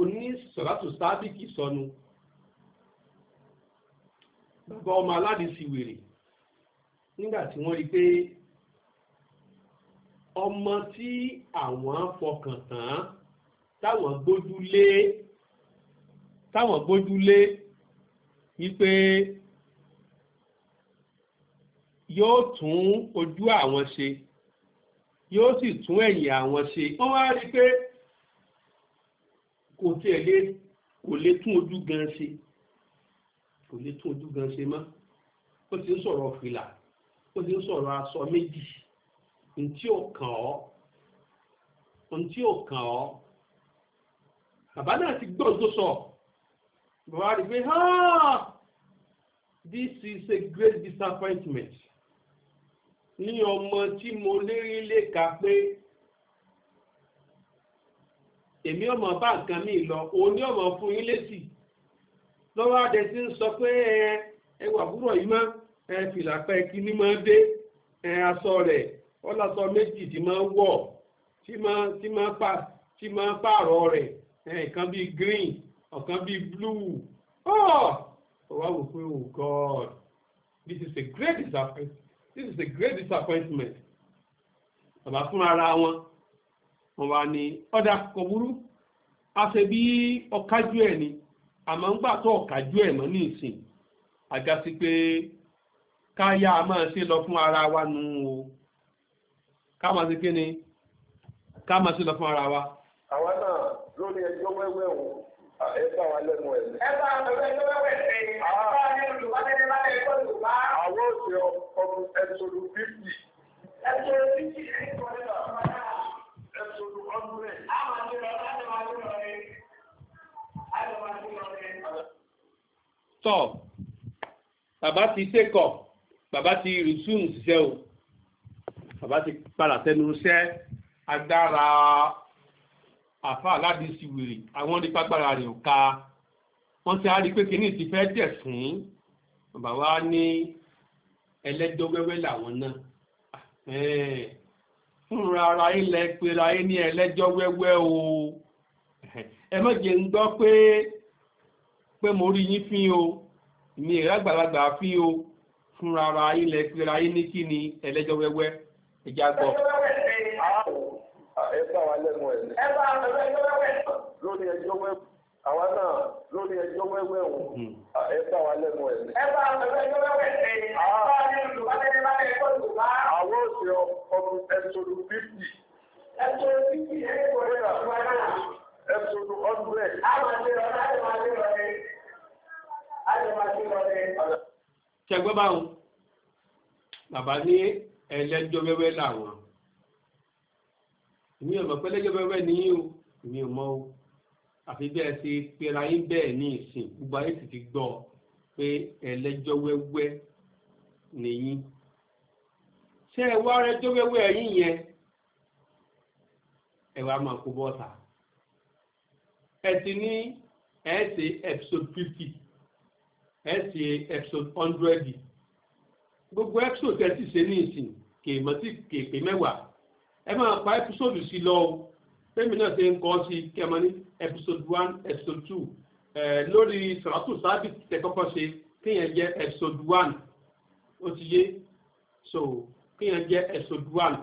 oní sọ̀rọ̀ gba ọmọ aládìsí wèrè nígbà tí wọ́n rí pé ọmọ tí àwọn fọkàn tán táwọn gbójúlé táwọn gbójúlé wípé yóò tún ojú àwọn ṣe yóò sì tún ẹ̀yìn àwọn ṣe wọ́n wá rí pé kò tiẹ̀ lé kò lè tún ojú gan ṣe kò lè tún ojú gan ṣe mọ́ ó ti ń sọ̀rọ̀ aṣọ méjì ntí ò kàn ọ́ bàbá náà ti gbọ́ tó sọ bàbá rí pé this is a great disappointment ní ọmọ tí mo lérí lè ka pé èmi ọmọ bá nǹkan mi lọ òun ọmọ fún yín lésì lọ́wọ́ adẹ ti ń sọ pé ẹ wà búrọ̀ yìí mọ́ ẹ fìlà pẹ́ kíní máa dé ẹ aṣọ rẹ̀ ọlọ́sọ méjì tí máa wọ̀ tí máa tí máa pa tí máa pààrọ̀ rẹ̀ ẹ kan bíi green ọ̀kan bíi blue oh ọwọ́ wò pé oh God this is a great disappointment this is a great disappointment bàbá fúnra ara wọn wọn wà ní ọ̀dà kò burú a ṣe bí ọ̀kájú ẹ̀ ni àmọ́ ń gbà tó ọ̀kájú ẹ̀ mọ́ ní ìsìn àga sí pé káyà máa ṣe lọ fún ara wa nù o ká máa ṣe kíni ká máa ṣe lọ fún ara wa. àwa náà lórí ẹjọ́ wẹ́wẹ́ o ẹ bá wa lẹ́nu ẹ̀. ẹ bá wa lọ ẹjọ́ wẹ́wẹ́ ṣe àwa ní olùbádẹ́ni bá lẹ́yìn tó bá. àwọn òṣèré ọmọ ẹ̀sọ́lù fífì. ẹ̀sọ́lù fífì ẹ̀sọ́lù ọ̀gbìn. àwọn àti bàbá tọ́ bàbá ti ṣèkọ̀ bàbá ti rìsúùmù ṣiṣẹ́ o bàbá ti padà tẹnu iṣẹ́ agbára àfa aládìsí wèrè àwọn nípa agbára rẹ̀ ò ka wọ́n ti á rí i pé kínní ti fẹ́ tẹ̀ fún bàbá wa ní ẹlẹ́jọ́ wẹ́wẹ́ làwọn náà fúnra ara ilẹ̀ pera ẹ ní ẹlẹ́jọ́ wẹ́wẹ́ o ẹ mọ̀jẹ̀ ń gbọ́ pé pé mo rí yín fín o mi ìrẹ́ àgbàlagbà fín o fúnra ara ilẹ̀ ìpínlẹ̀ ayé ní kí ni ẹlẹ́jọ́ wẹ́wẹ́ ìjà gbọ́. ẹ bá wa lẹ́nu ẹ̀ ẹ bá wa lẹ́nu ẹ̀ lórí ẹjọ́ wẹ́wẹ́ àwa ẹjọ́ wẹ́wẹ́ o ẹ bá wa lẹ́nu ẹ̀ bá wa lẹ́nu ẹ̀ ẹ àwọn òṣèré ọmọ ẹ̀sọ́lù fífì ẹ̀sọ́lù fífì ẹ̀ kò rẹ̀ ẹ̀sùn ọdún ẹ̀. Ṣẹ̀gbẹ́ bá wọn, bàbá ní ẹlẹ́jọ́ wẹ́wẹ́ làwọn. Èmi ò mọ̀ pé ẹlẹ́jọ́ wẹ́wẹ́ ní o, èmi ò mọ̀ o. Àfi bí ẹ ṣe pera yín bẹ́ẹ̀ ní ìsìn, gbogbo ayé sì ti gbọ́ pé ẹlẹ́jọ́ wẹ́wẹ́ nìyí. Ṣé ẹ wá ẹjọ́ wẹ́wẹ́ yín yẹn? Ẹ máa kó bọ́ta ẹ ní ẹ episode fifty ẹ episode hundred gbogbo episode ẹ ṣe ní ìsìn kèémọ́ sí kèépé ẹ máa pa episode sí lọ o fẹ́mi náà ṣe ń kọ́ sí kẹmọ́ ní episode one episode two lórí sọ̀rọ̀tù sábì tẹ kọ́kọ́ ṣe kéèyàn jẹ́ episode one ó ti yé so kéèyàn jẹ́ episode one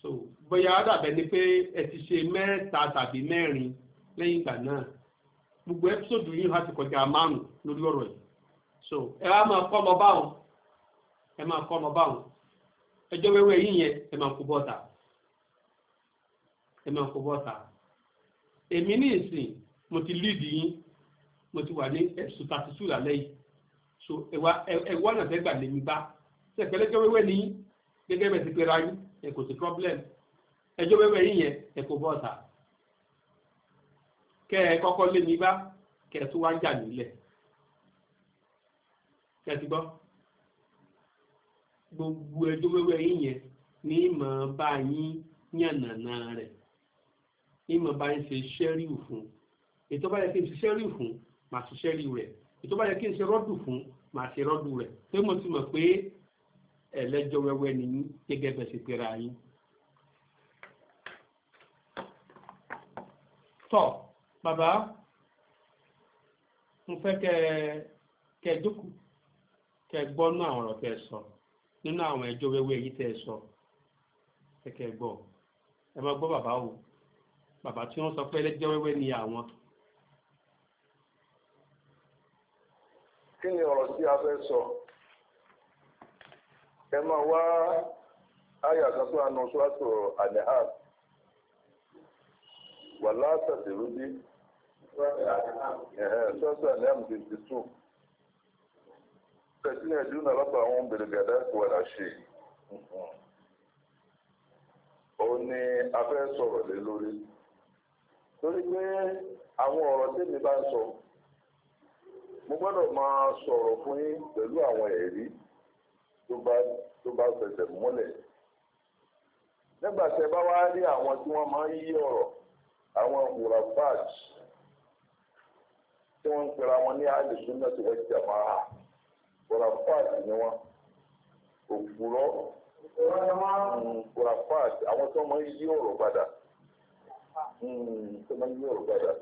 so bóyá dàbẹ̀ ni pé ẹ ti ṣe mẹ́ta tàbí mẹ́rin. lẹ́yìn ìgbà náà gbogbo ẹ́písòdù yìí láti kọjá márùn lórí ọ̀rọ̀ yìí so ẹ wá máa kọ́ lọ báwọn ẹ máa kọ́ lọ báwọn ẹjọ́ wẹ́wẹ́ yìí yẹn ẹ máa kó bọ́ta ẹ máa kó bọ́ta èmi ní ìsìn mo ti líìdì yín mo ti wà ní ẹ̀sùn tàbí lẹ́yìn so ẹ wá náà fẹ́ gbà lèmi bá wẹ́wẹ́ ẹ problem ẹ bọ́ta. kẹ́ ẹ kọ́kọ́ lé mi bá kẹ́ ẹ tó wá ń jà nílẹ̀ kẹ́ ẹ ti gbọ́ gbogbo ẹjọ́ wẹ́wẹ́ yín yẹn ní ìmọ̀ bá yín yànnànà rẹ̀ ìmọ̀ bá yín ṣe ṣẹ́ríù fún ètò bá yẹ kí n ṣe ṣẹ́ríù fún màá ṣe ṣẹ́ríù rẹ̀ ètò bá yẹ kí n ṣe rọ́dù fún màá ṣe rọ́dù rẹ̀ pé mo ti mọ̀ pé ẹlẹ́jọ́ wẹ́wẹ́ ni yín gẹ́gẹ́ bẹ́ẹ̀ ṣe pera yín. tọ́ bàbá mo fẹ́ kẹ́ kẹ́ jókòó kẹ́ gbọ́ nínú àwọn ọ̀rọ̀ tẹ́ sọ nínú àwọn ẹjọ́ wẹ́wẹ́ èyí tẹ́ sọ kẹ́kẹ́ gbọ́ ẹ máa gbọ́ bàbá o bàbá tí wọ́n sọ pé ẹlẹ́jọ́ wẹ́wẹ́ ni àwọn. kí ni ọ̀rọ̀ tí a fẹ́ sọ ẹ máa wá àyà kan tó àná sọ́tò àdéhàbù wà látàdé lódí sọ́sà ní àmì 52 tẹ̀sí ní ẹ̀dùn náà lọ́pàá àwọn obìnrin gàdá ìwàdà ṣe ó ní afẹ́ sọ̀rọ̀ lé lórí torí pé àwọn ọ̀rọ̀ tí mi bá ń sọ mo gbọ́dọ̀ máa sọ̀rọ̀ fún yín pẹ̀lú àwọn ẹ̀rí tó bá fẹsẹ̀ múlẹ̀ nígbà tí bá wá rí àwọn tí wọ́n máa ń yí ọ̀rọ̀ àwọn wùràfáàj tí wọ́n ń pera wọn ní àlùsùn náà ti wọ́n jà máa wùràfáàj ni wọ́n òpùrọ́ wùràfáàj hmm, àwọn tó máa ń yí ọ̀rọ̀ padà hmm, tó máa ń yí ọ̀rọ̀ padà.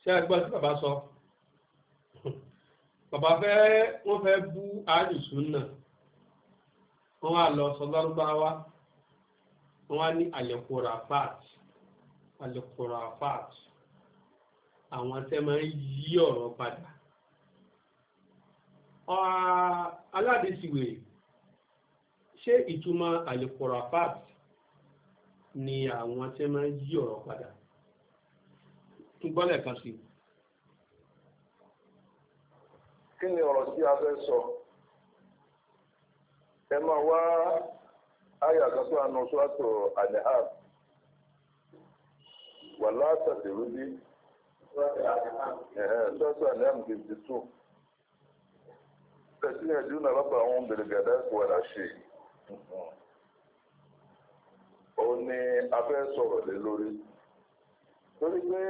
ṣé ẹ gbọ́ tí bàbá sọ bàbá fẹ́ wọ́n fẹ́ bú àlùsùn náà wọ́n wá lọ sọ lárúbáwá wọ́n á ní alẹ́kùràfáàt alẹ́kùràfáàt àwọn tẹ́ máa ń yí ọ̀rọ̀ padà aládìsíwèrè ṣé ìtumọ̀ alẹ́kùràfáàt ni àwọn tẹ́ máa ń yí ọ̀rọ̀ padà tún gbọ́lẹ̀ kan sí. kí ni ọ̀rọ̀ tí a fẹ́ sọ ẹ máa wá. Ayà àgbàtọ́ àna ṣọ́tò àdìhàb. Wà látàdé rúdí. Ṣọ́tò àdìhàb fifty two. Tẹ̀sí ẹ̀dú náà lọ́pọ̀ àwọn bèrègàdá ìpòwàdà ṣe. Ó ní abẹ́ sọ̀rọ̀ lé lórí. Torí pé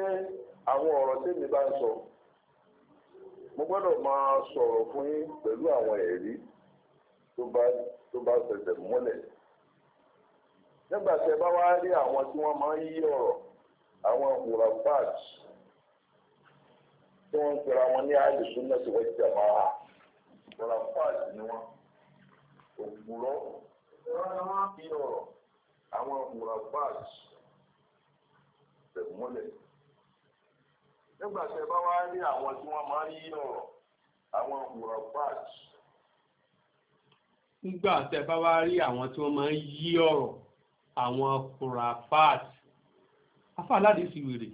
àwọn ọ̀rọ̀ tèmi bá ń sọ mo gbọ́dọ̀ máa sọ̀rọ̀ fún yín pẹ̀lú àwọn ẹ̀rí tó bá fẹsẹ̀ múlẹ̀ nígbà tí ẹ bá wá rí àwọn tí wọ́n máa ń yí ọ̀rọ̀ àwọn hurafat tí wọ́n ń pera wọn ní àìsùn náà sì wọ́n ti jàmá hurafat ni wọ́n òpùrọ́ yí ọ̀rọ̀ àwọn hurafat tẹ̀ mọ́lẹ̀ nígbà tí ẹ bá wá rí àwọn tí wọ́n máa ń yí ọ̀rọ̀ àwọn hurafat. nígbà tí ẹ bá wá rí àwọn tí wọ́n máa ń yí ọ̀rọ̀ àwọn kurafat afáàládé sì wèrè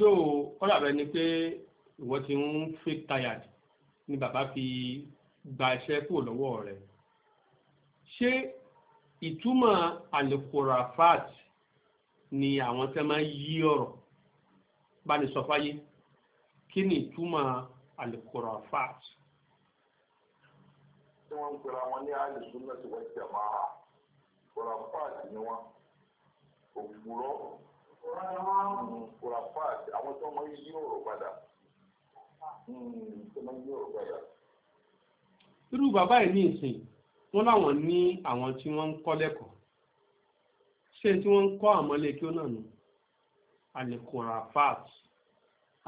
dó ọ̀rọ̀ rẹ ni pé ìwọ ti ń fake tired ni bàbá fi gba iṣẹ́ kúrò lọ́wọ́ rẹ̀ ṣé ìtumọ̀ alikurafat ni àwọn tẹ́ máa ń yí ọ̀rọ̀ bá ní sọ fáyé kí ni ìtumọ̀ alikurafat. tí wọ́n ń pera wọn ní alìsúnmọ̀ wọ́n ti jẹ̀ máa kòràfáàtì ni wọ́n òpùrọ́ kòràfáàtì hmm, àwọn tó mọ yí ọ̀rọ̀ padà hmm, tó mọ yí ọ̀rọ̀ padà. irú bàbá yìí ní ìsìn wọn láwọn ní àwọn tí wọ́n ń kọ́ lẹ́kọ̀ọ́ ṣé tí wọ́n ń kọ́ àmọlé kí ó náà nù alekòràfáàtì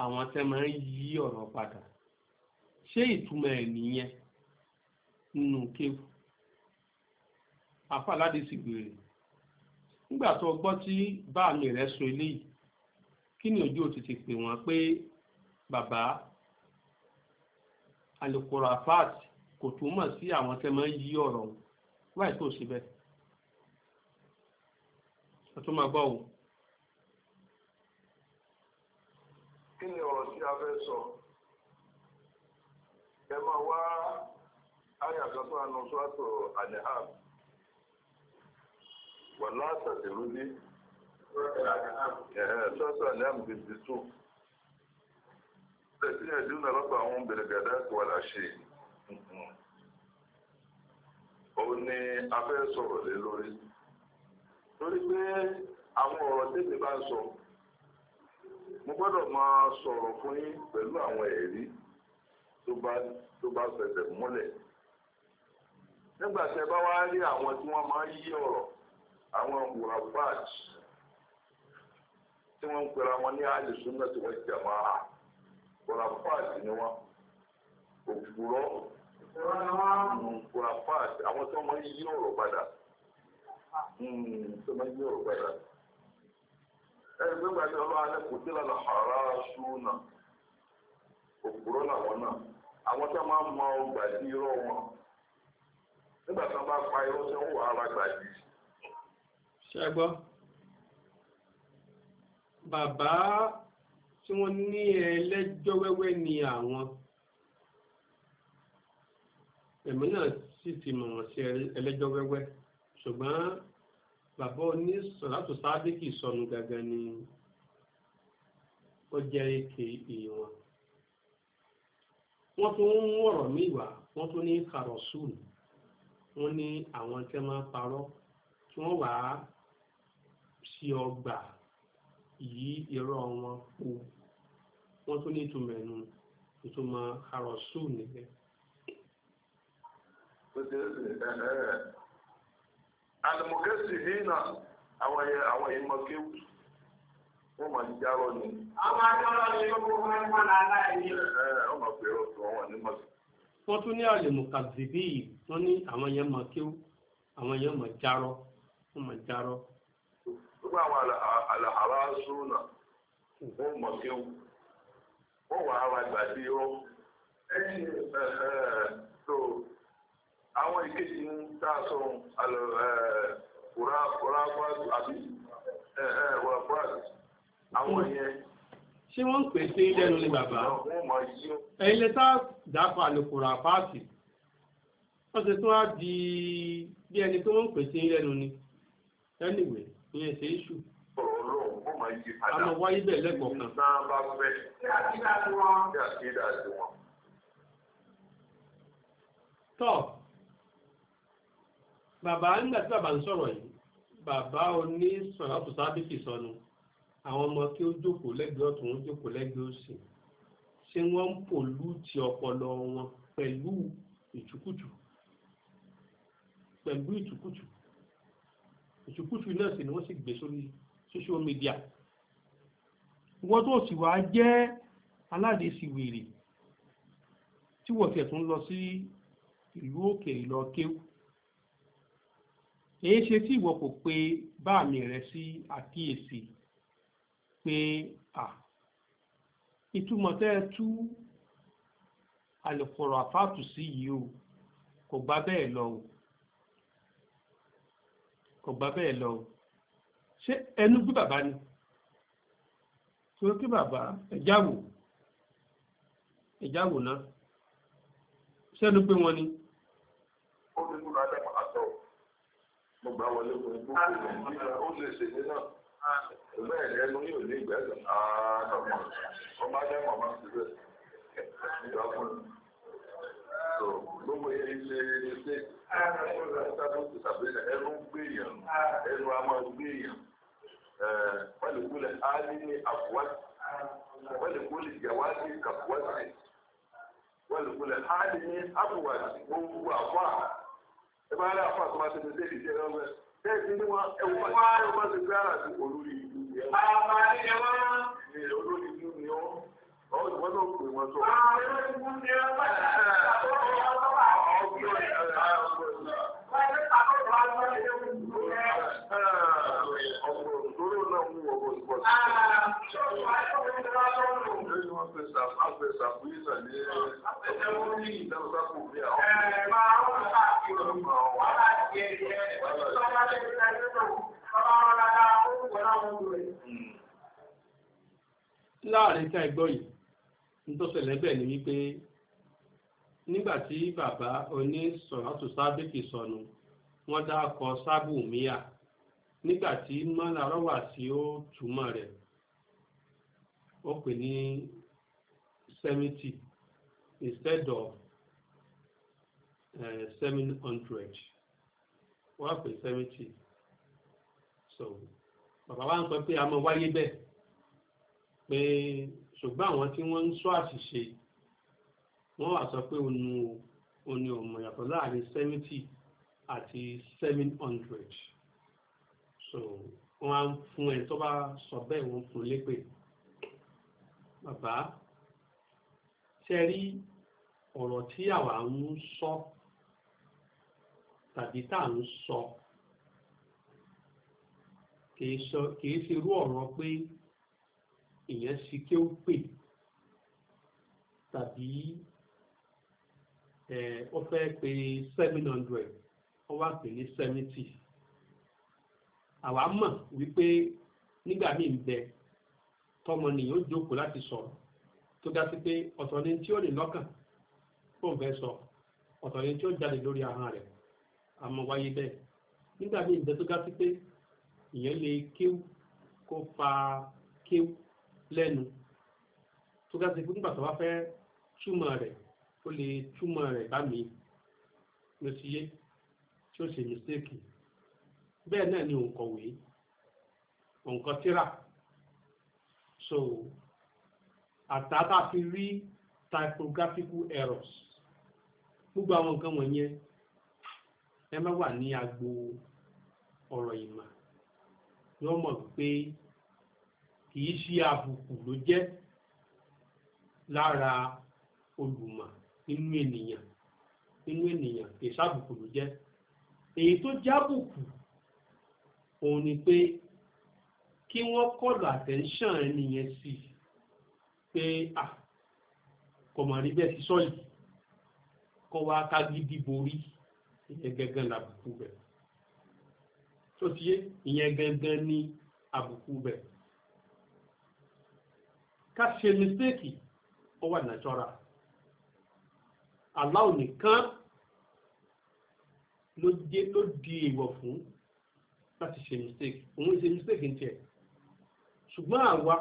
àwọn tẹ máa ń yí ọ̀rọ̀ padà ṣé ìtumọ̀ ẹ̀ nìyẹn nínú kéwù. àfa aládé sì gbèrè nígbà tó gbọ́ tí báàmì rẹ̀ sọ eléyìí kí ni ojú ò ti ti pè wọ́n pé bàbá alukurafat kò túmọ̀ sí àwọn tẹ́ máa ń yí ọ̀rọ̀ láì tó ẹ tó máa gbọ́ o. kí ni ọ̀rọ̀ tí a fẹ́ sọ ẹ máa wá àyàkátó àdéhàbù. wà látàdé rúdí ṣọ́ṣọ́ lẹ́mù bìbì tó tẹ̀sí ẹ̀dùn náà lọ́pọ̀ àwọn bẹ̀rẹ̀gàdá wà láṣẹ ó ní afẹ́ sọ̀rọ̀ lé lórí lórí pé àwọn ọ̀rọ̀ tèmi bá ń sọ mo gbọ́dọ̀ máa sọ̀rọ̀ fún yín pẹ̀lú àwọn ẹ̀rí tó bá fẹsẹ̀ múlẹ̀ nígbà tí ẹ bá wá rí àwọn tí wọ́n máa ń yí ọ̀rọ̀ àwọn murabbat tí wọ́n ń pera wọn ní àlùsùnà tí wọ́n jẹ̀ máa ni wọ́n òfurọ́ hmm, murabbat àwọn tí wọ́n máa ń yí ọ̀rọ̀ padà tó máa ń yí ọ̀rọ̀ padà. ẹ̀rí hmm, pé gbàgbé ọlọ́wọ́ alẹ́ kò tí lọ́la ọ̀rá ṣúnà òfurọ́ làwọn náà àwọn tí wọ́n máa wọn nígbà tí wọ́n bá pa ṣẹgbọ́ bàbá tí wọ́n ní ẹlẹ́jọ́ wẹ́wẹ́ ni àwọn èmi náà sì ti mọ̀ wọ́n sí ẹlẹ́jọ́ wẹ́wẹ́ ṣùgbọ́n bàbá oní sọ̀látò sábẹ́kì sọnù gangan ni ó jẹ́ èké ìwọ̀n e wọ́n tún ń mú ọ̀rọ̀ míì wá wọ́n tún ní kàrọ̀sùn wọ́n ní àwọn tẹ́ máa parọ́ tí wọ́n wàá fi ọgbà yí irọ́ wọn po wọn tún ní ìtumọ̀ ẹ̀nu ìtumọ̀ àròsù nìyẹn. àlùmọ̀kẹ́sì yìí náà àwọn àwọn ìmọ̀kéwù wọ́n máa ń járọ̀ ni. àwọn akọ́rọ̀ ni gbogbo wọn ń wọ́n aláìní. wọ́n máa pè wọn tún ní gbogbo àwọn àlàhàrá súnà wọ́n mọ̀ kí wọ́n wà ara gbàdí ó ẹ̀yìn tó àwọn ìkéjì ń tààsọ kùrákùrákù àbí wàkùrákù àwọn ìyẹn ṣé wọ́n ń pè sí lẹ́nu ní bàbá ẹ̀yìn lẹ́tà dápọ̀ àlòkùrà pààkì wọ́n ti tún á di bí ẹni tó wọ́n ń pè sí lẹ́nu ni anyway ní ẹsẹ̀ iṣu. a lọ wáyé bẹ́ẹ̀ lẹ́kọ̀ọ̀kan. tá a bá fẹ́. kí àkídà sí wọn. kí àkídà sí wọn. tọ́ bàbá nígbà tí bàbá ń sọ̀rọ̀ yìí bàbá oní sọ̀rọ̀tù sábìkì sọnù àwọn ọmọ kí ó jókòó lẹ́gbẹ̀ẹ́ ọ̀tún ó jókòó lẹ́gbẹ̀ẹ́ òsì ṣé wọ́n ń pòlú ti ọpọlọ wọn pẹ̀lú ìtùkùtù pẹ̀lú ìtùkùtù ìṣùkúṣù náà sì ni wọ́n sì gbé sórí social media wọ́n tó sì wá jẹ́ aládèsí wèrè tí wọ́n tẹ̀ tún lọ sí ìlú òkèèrè lọ kéwù èyí ṣe tí ìwọ kò pe báàmì rẹ sí àkíyèsí pé à ìtumọ̀ tẹ́ ẹ tú àlùkòrò àfáàtù sí yìí o kò gbá bẹ́ẹ̀ lọ o kò gbà bẹ́ẹ̀ lọ o ṣé ẹnu bí bàbá ni torí kí bàbá ẹ̀já wò ẹ̀já wò náà sẹ́nu pé wọ́n ni. ó ní kúrò alẹ́ máa sọ mo gbà wọlé fún un ó lè ṣe ní náà bẹ́ẹ̀ ni ẹnu yóò ní ìgbẹ́sẹ̀ àádọ́gbọ̀n ọmọ adẹ́mọ̀ máa ń ṣe bẹ́ẹ̀ nígbà fún un. gbogbo yẹn ṣe ṣe. Ẹnu a máa gbé èèyàn. Pẹ̀lúkúlẹ̀ á ní ní àbúwájú, pẹ̀lúkúlẹ̀ ìyàwájú kàbúwájú. Pẹ̀lúkúlẹ̀ á ní ní gbogbo àfà. Ẹ bá rí tó máa tẹ̀lé dé ìdíje rẹ̀ rẹ̀. Ṣé ìdí wọn wá ẹ̀wù bá ti gbé ara sí olórí ìlú ni ẹ̀? Àmà ni ẹ̀ Ní olórí ìlú ni ó. Ọ̀hún ìwọ́n náà pè wọ́n sọ. Àwọn olórí ìlú ni ó Láàrin ká ẹgbọ́ yìí, ń tó ṣẹlẹ̀ bẹ́ẹ̀ ni wípé nígbà tí bàbá oní sọ̀rọ̀tù sábẹ́kì sọnù wọ́n dákọ sábù míà nígbà tí mọ́là rọ́wà sí ó túmọ̀ rẹ̀ ó pè ní seventy instead of eh, seven hundred wọ́n pè seventy so bàbá wa ń sọ pé a mọ wáyé bẹ́ẹ̀ pé ṣùgbọ́n àwọn tí wọ́n ń sọ àṣìṣe. So, wọ́n wá sọ pé ònu o òní ò yàtọ̀ láàrin seventy àti seven hundred so wọ́n á fún ẹ tó bá sọ bẹ́ẹ̀ wọ́n fún lépè bàbá ṣe rí ọ̀rọ̀ tí àwa ń sọ tàbí tá à ń sọ kìí ṣe irú ọ̀rọ̀ pé èèyàn sì kí ó pè tàbí Eh, ó fẹ́ pé seven hundred ó wá pè ní seventy àwa mọ̀ wípé nígbà míì ń bẹ tọmọ nìyẹn ó jókòó láti sọ̀rọ̀ tó dá sí pé ọ̀tọ̀ ni tí ó ní lọ́kàn tó ń fẹ́ sọ ọ̀tọ̀ ni tí ó jáde lórí ahọ́n rẹ̀ àmọ́ wáyé bẹ́ẹ̀ nígbà míì ń bẹ tó dá sí pé ìyẹn lè kéwú kó fa kéwú lẹ́nu tó dá sí pé nígbà tó bá fẹ́ túmọ̀ rẹ̀ ó lè túmọ̀ rẹ̀ bá mi ló ti yé tí ó ṣe mistake bẹ́ẹ̀ náà ni òǹkọ̀wé òǹkọ̀ tíra so àtàtà fi rí typographical errors gbogbo àwọn nǹkan wọ̀nyẹn ẹ má wà ní agbo ọ̀rọ̀ ìmọ̀ yóò mọ̀ pé kì í ṣe àbùkù ló jẹ́ lára olùmọ̀ inú ènìyàn inú ènìyàn kì í sábùkù ló jẹ́ èyí tó jábùkù òun ni pé kí wọ́n kọlù attention nìyẹn sí pé à kò mà rí bẹ́ẹ̀ ti sọ yìí kọ́ wa ká gidi borí ìyẹn gangan làbùkù bẹ̀ tó ti yé ìyẹn gangan ní àbùkù bẹ̀ ká ṣe mistake ó wà aláwọ̀ nìkan ló dé ló di èèwọ̀ fún láti ṣe mistake òun ṣe mistake ń tiẹ̀ ṣùgbọ́n àwa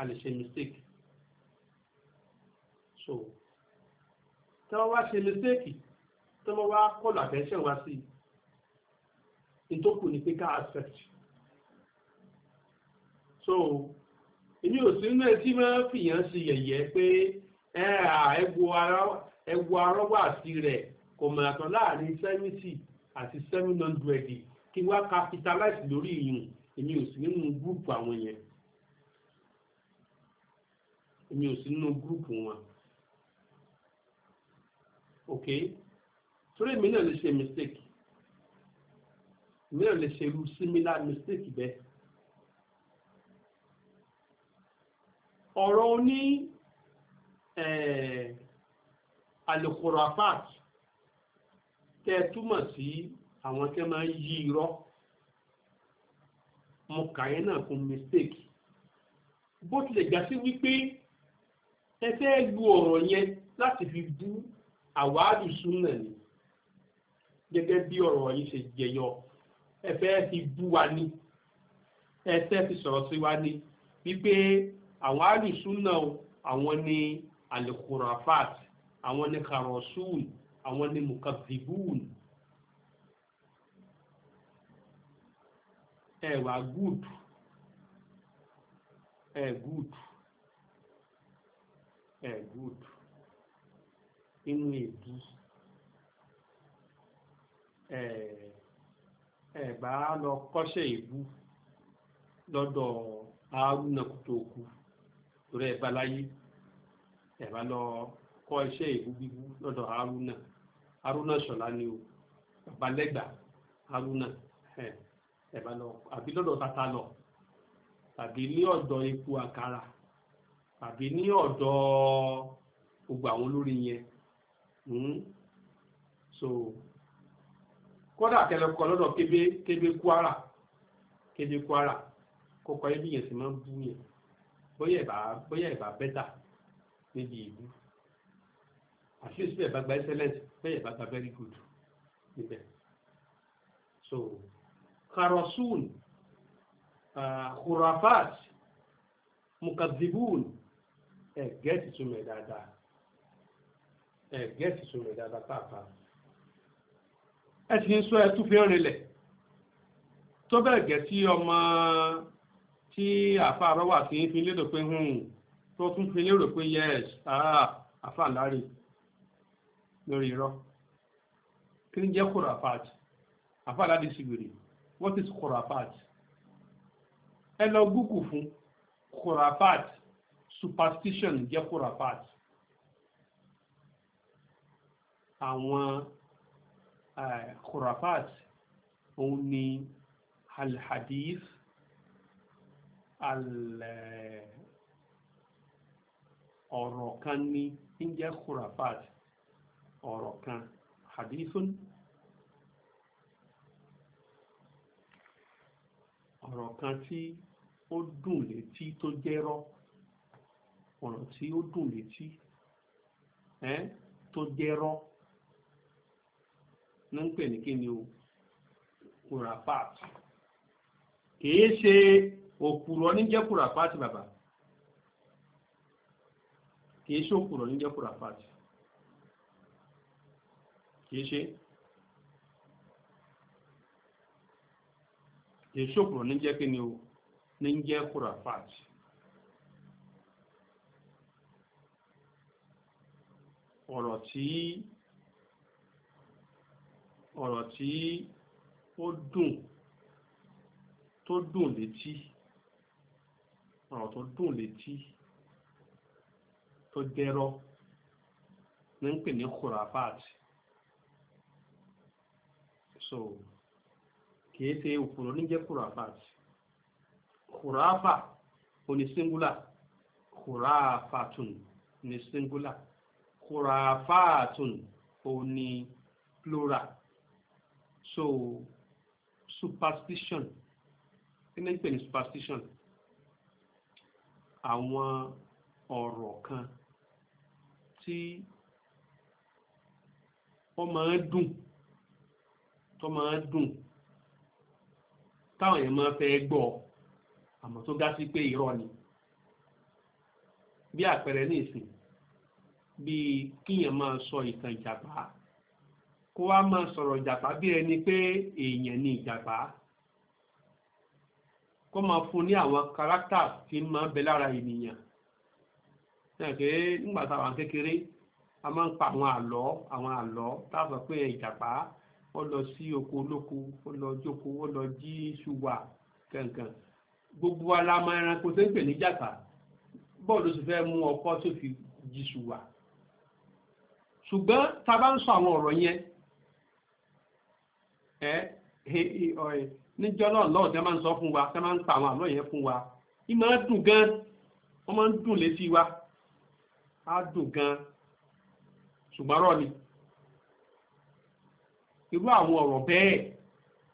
a lè ṣe mistake so tí wọ́n wá ṣe mistake tí wọ́n wá kọlù attention wá sí ìtòkù ní pé ká accept so èmi ò sí nínú ẹ tí wọ́n fìyàn sí yẹ̀yẹ́ pé ẹ à ẹ wo ara ẹ wo arọ́wọ́ àti rẹ̀ kò mọ̀ yàtọ̀ láàrin seventy àti seven hundred kí wá capitalize lórí ìyún èmi ò sí nínú gúrùpù àwọn yẹn èmi ò sí nínú gúrùpù wọn ok torí èmi náà lè ṣe mistake èmi náà lè ṣe irú similar mistake bẹ́ẹ̀ ọ̀rọ̀ oní ẹ̀ẹ́. Eh, alukurafat tẹ́ túmọ̀ sí àwọn tẹ́ máa ń yí irọ́ mo kàyẹ́ náà kún mistake bó tilẹ̀ gbà sí wípé ẹ fẹ́ lu ọ̀rọ̀ yẹn láti fi bú àwáàdù súnà ni gẹ́gẹ́ bí ọ̀rọ̀ yìí ṣe jẹyọ ẹ fẹ́ fi bú wa ni ẹ fẹ́ fi sọ̀rọ̀ sí wa ni wípé àwọn àlùsúnà àwọn ni alukurafaati àwọn ni karosun àwọn ni mukazibun ẹwà good ẹ good ẹ good inú èdú ẹ ẹ bá lọ kọ́ṣẹ́ ìbú lọ́dọ̀ arúnà kútó kú torí ẹ lọ. kọ iṣẹ́ ìlú bíbú lọ́dọ̀ haruna haruna ṣọlá ni o haruna ẹ̀bá lọ àbí lọ́dọ̀ tata lọ tàbí ní ọ̀dọ̀ epo àkàrà tàbí ní ọ̀dọ̀ gbogbo àwọn yẹn hmm. so kódà kẹlẹkọ lọ́dọ̀ kébé kébé kwara kébé kwara kókọ ẹbí yẹn sì máa ń bú yẹn bóyá at least bẹ́ẹ̀ bá excellent bẹ́ẹ̀ bá very good níbẹ̀ so karosun khurafat mukadibun ẹ gẹ́ẹ̀tì túmọ̀ dáadáa ẹ gẹ́ẹ̀tì túmọ̀ dáadáa pàápàá ẹ sì ń sọ ẹ tún fi ń rinlẹ̀ tó bẹ́ẹ̀ gẹ́ sí ọmọ tí àfa àrọ́wà ti ń fi lérò pé hùn hmm, tó tún fi lérò pé yes ah, àfa àlárí lórí irọ́ kí ni jẹ́ khurafat àfàlà di sìgbèrè what is khurafat ẹ lọ gúkù fún khurafat superstition jẹ́ khurafat àwọn khurafat òun ni alhadith al ọ̀rọ̀ kan ní ń jẹ́ khurafat. Al, ọ̀rọ̀ kan hadithun ọ̀rọ̀ kan tí ó dùn létí tó jẹ́rọ́ ọ̀rọ̀ tí ó dùn létí ẹ́ tó jẹ́rọ́ ní ń pè ní kí ni o kùràpáàt kìí ṣe òkùrọ̀ níjẹ́ kùràpáàt bàbá kìí ṣe òkùrọ̀ níjẹ́ kùràpáàt kìí ṣe ìṣòkùrọ̀ ní jẹ́ kí ni o ní jẹ́ kùràfàt ọ̀rọ̀ tí ọ̀rọ̀ tí ó dùn tó dùn létí ọ̀rọ̀ tó dùn létí tó dẹ̀rọ̀ ní ń pè ní kùràfàt so kìí ṣe òkúrò níjẹ́ kùràfàt kùràfà oní singular kùràfàtún ní singular kùràfàtún oní plural so superstition kí ni ń pè ní superstition àwọn ọ̀rọ̀ kan tí ó máa ń dùn tó máa dùn táwọn èèyàn máa fẹ́ gbọ́ àmọ́ tó gá sí pé ni bí àpẹẹrẹ ní ìsìn bíi kíyàn máa sọ ìtàn ìjàpá kó wá máa sọ̀rọ̀ ìjàpá bí ẹni pé èèyàn ni ìjàpá kó máa fún ní àwọn kárátà tí máa bẹ lára ènìyàn náà pé ó lọ sí oko olóko ó lọ jókòó ó lọ jí ṣùwà kankan gbogbo alamọ ẹranko tó ń pè ní jàkà bọ́ọ̀lù sì fẹ́ mú ọkọ́ tó fi jí ṣùwà ṣùgbọ́n ta bá ń sọ àwọn ọ̀rọ̀ yẹn ẹ níjọ́ náà lọ́ọ̀ tẹ́ máa ń sọ fún wa tẹ́ máa ń pa àwọn àlọ́ yẹn fún wa ìmọ̀ dùn gan wọ́n máa ń dùn létí wa á dùn gan ṣùgbọ́n rọ̀ ni irú àwọn ọ̀rọ̀ bẹ́ẹ̀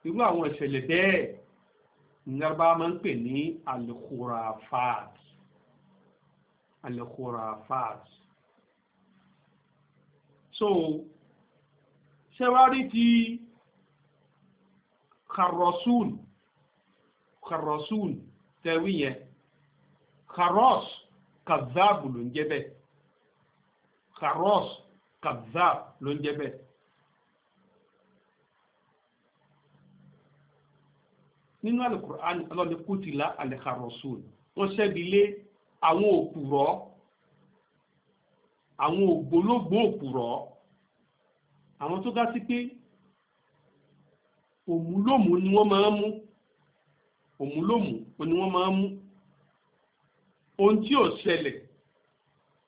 irú àwọn ìṣẹ̀lẹ̀ bẹ́ẹ̀ nígbà máa ń pè ní al so ṣẹwárí ti kharosun kharosun tẹ̀wí yẹn kharos kazab ló ń jẹ́ bẹ́ẹ̀ kharos kazab ló ń jẹ́ bẹ́ẹ̀. nínú alukur'an ọlọ́ni kùtìlá alẹ́kàrọ̀sùn wọ́n ṣẹ́bilé àwọn òpùrọ̀ àwọn ògbólógbò òpùrọ̀ àwọn tó gá sí pé òmùlòmù ni wọ́n máa ń mú òmùlòmù ni wọ́n máa ń mú ohun tí ò ṣẹlẹ̀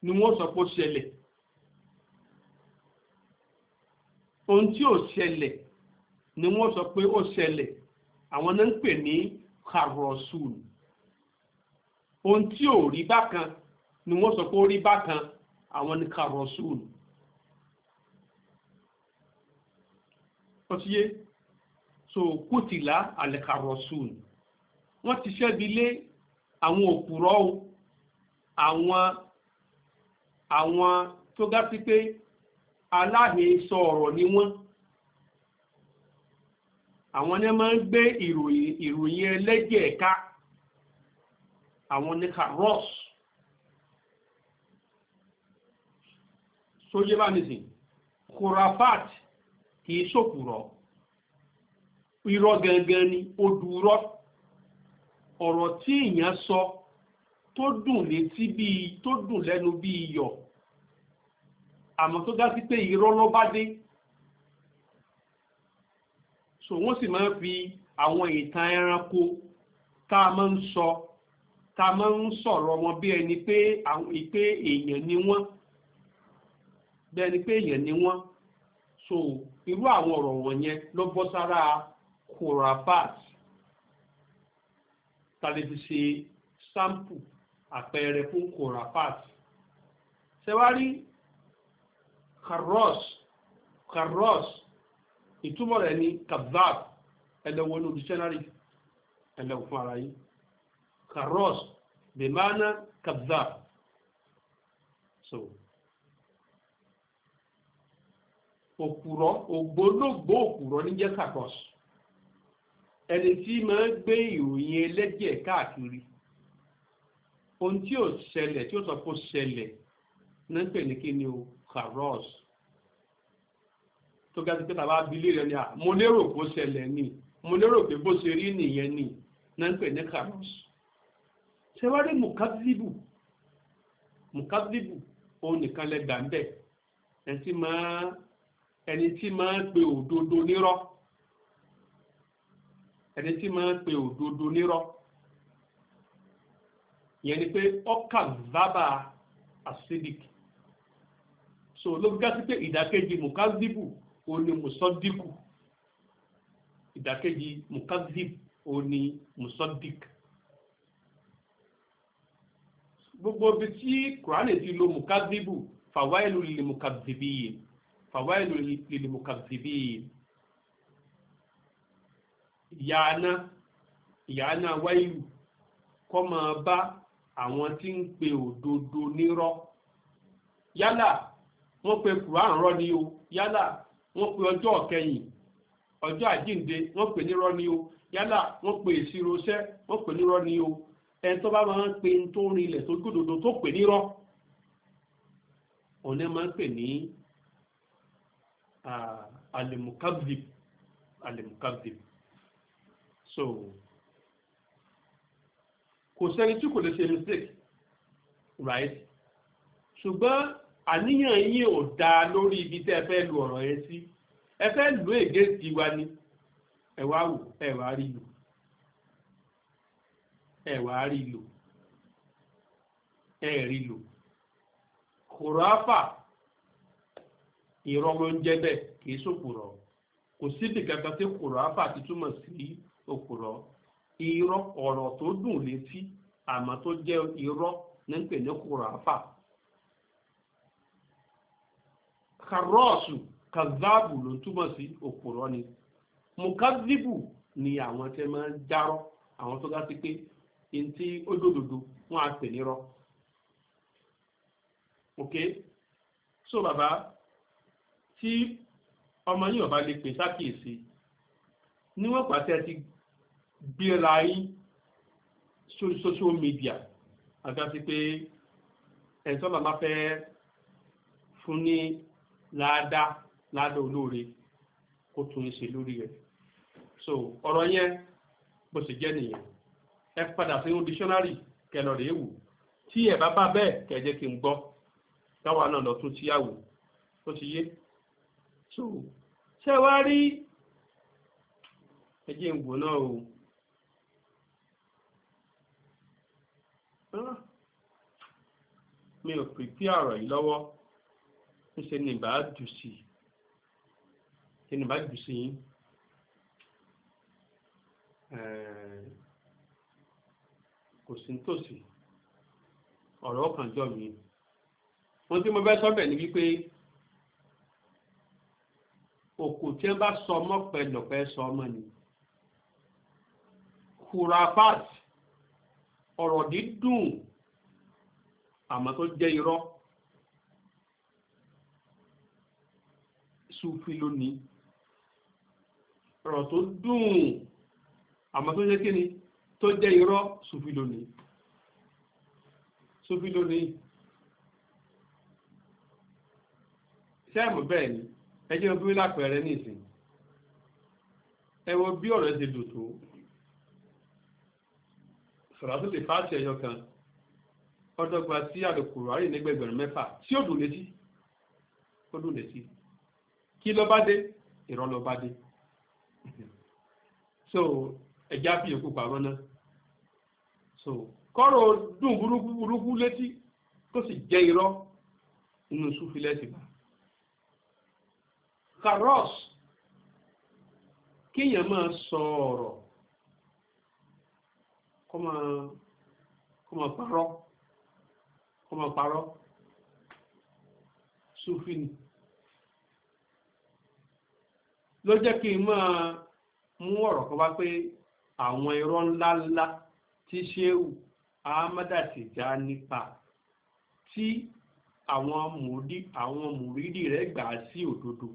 ni wọ́n sọ pé ó ṣẹlẹ̀ ohun tí ò ṣẹlẹ̀ ni wọ́n sọ pé ó ṣẹlẹ̀ àwọn náà ń pè ní karosul ohun tí ò rí bákan ni wọ́n sọ pé ó rí bákan àwọn ní karosul ọtíyé so kùtìlá àlẹ karosul wọ́n ti ṣẹ́bi lé àwọn òpùrọ́ o àwọn àwọn tó gá sí pé aláhẹ̀ẹ́sọ ọ̀rọ̀ ni wọ́n àwọn ní máa ń gbé ìròyìn ẹlẹ́jẹ̀ ẹ̀ka àwọn ní carros tó yé bá mi sìn kurafat kìí ṣòkùrọ̀ irọ́ gangan ni odùrọ́ ọ̀rọ̀ tí èèyàn sọ tó dùn létí bíi tó dùn lẹ́nu bíi iyọ̀ àmọ́ tó dá sí pé irọ́ ló so wọ́n sì máa ń fi àwọn ìtàn ẹranko tá a máa ń sọ tá a máa ń sọ̀rọ̀ wọn bí ẹni pé pé èèyàn ni wọ́n bí ẹni pé èèyàn ni wọ́n so irú àwọn ọ̀rọ̀ wọ̀nyẹn ló bọ́ sára korafat tàbí ṣe sáǹpù àpẹẹrẹ fún korafat ṣẹwárí karos karos ìtumọ̀ rẹ̀ ni kazab ẹlẹ́wọ̀n ní dictionary ẹlẹ́wọ̀n fún ara yìí karos bimana kazab so òkùrọ̀ ògbólógbò òkùrọ̀ ní jẹ́ karos ẹni tí máa ń gbé ìròyìn ẹlẹ́jẹ̀ káàkiri ohun tí ò ṣẹlẹ̀ tí ó sọ pé ó ṣẹlẹ̀ ní kí ni o karos tó gá sí pé tàbá abilé rẹ̀ ni à mo lérò kó ṣẹlẹ̀ ni mo lérò pé bó ṣe rí nìyẹn ni náà ń pè ní karos ṣe wá rí mukadibu mukadibu òun nìkan lẹ gbà ẹni tí máa ń pe òdodo nírọ́ ẹni tí máa ń pe òdodo nírọ́ ìyẹn ni pé ọkà zábà acidic so ló gá sí pé ìdàkejì mukadibu òun ni musodiku ìdàkejì mukazib òun ni musodik gbogbo ibi tí kùránì ti lo mukazibu fàwáìlú lè mukazibi yìí fàwáìlú lè mukazibi yìí ìyáná ìyáná wáìlú kọ́ máa àwọn tí ń pe òdodo nírọ́ yálà wọ́n pe kùránì rọ́ ni o yálà wọ́n pe ọjọ́ ọ̀kẹyìn ọjọ́ àjíǹde wọ́n pe nírọ́ ni o yálà wọ́n pe ìṣirò iṣẹ́ wọ́n pe nírọ́ ni o ẹni tó bá máa ń pe tó rinlẹ̀ tó gbódòdó tó pè nírọ́ òun náà máa ń pè ní ah, alimukabdib alimukabdib so kò sẹ́ni tí kò lè ṣe mistake right ṣùgbọ́n. àníyàn yín ò dáa lórí ibi tẹ́ ẹ fẹ́ lu ọ̀rọ̀ yẹn sí ẹ fẹ́ lu ègé sí wa ni ẹ wá wò ẹ wá rí lò ẹ wá rí lò ẹ rí lò kòrọ́fà ìrọ́ ló bẹ́ẹ̀ kì í kò síbi kankan tí kòrọ́fà ti túmọ̀ sí òkòrọ̀ irọ́ ọ̀rọ̀ tó dùn létí àmọ́ tó jẹ́ irọ́ ní ń pè ní kàrọ́ọ̀sù kàzáàbù ló túmọ̀ sí òpùrọ́ ni mùkàdíbù ni àwọn tẹ́ máa ń járọ́ àwọn tó ga sí pé ẹni tí ó dòdòdò wọn á pè nírọ́ ok so baba, tí ọmọ yìí ọba lè pè sákìyèsí níwọ̀n pàṣẹ ti gbéra yín sórí social media àti àti pé ẹ̀sọ́ bàbá fẹ́ fún ní láàdá láàdá olóore kó tún ń ṣe lórí rẹ̀ so ọ̀rọ̀ yẹn bó ṣe jẹ́ nìyẹn ẹ padà sínú dictionary kẹlọ rèé wò tí ẹ bá bá bẹ́ẹ̀ kẹjẹ kí n gbọ́ táwa náà lọ tún tíyàwó ó ti yé so ṣé wàá rí ẹjẹ ń wò náà o. Ah, mi ò pèpè ọ̀rọ̀ yìí lọ́wọ́ ńṣe ni bá jù sí ṣe ni bá jù sí yín kò sí nítòsí ọ̀rọ̀ ọkàn jọ mi wọ́n tí mo fẹ́ sọ́bẹ̀ ni wípé òkú tí wọ́n bá sọ ọmọ pẹ̀lọpẹ̀ sọ ọmọ ni kurafat ọ̀rọ̀ dídùn àmọ́ tó jẹ́ irọ́. súfí lónìí ọ̀rọ̀ tó dùn àmọ́ tó jẹ́ kíni tó jẹ́ irọ́ súfí lónìí súfí lónìí sẹ́ẹ̀mù bẹ́ẹ̀ ni ẹjẹ́ bí lápẹẹrẹ ní ìsìn ẹ wo bí ọ̀rọ̀ ṣe dùn tó sọ̀rọ̀ tó lè fàáṣì ẹyọ kan ọdọ́gba sí àlòkùrọ̀ àárín nígbẹ̀gbẹ̀rún mẹ́fà tí ó dùn létí ó dùn létí kí ló bá dé ìrọ́ ló bá dé so ẹja fi yòókù pàrọ̀ náà so kọ́rọ̀ dùn burúkú burúkú létí tó sì jẹ́ irọ́ nínú súfilẹ́sì bá karos kéèyàn máa sọ ọ̀rọ̀ kó máa kó máa parọ́ kó máa parọ́ súfì ló jẹ́ kí n máa mú ọ̀rọ̀ kan wá pé àwọn irọ́ ńláńlá tí Ṣéhù Ahmada Tijani pa tí àwọn mùrídì àwọn mùrídì rẹ̀ gbà sí òdodo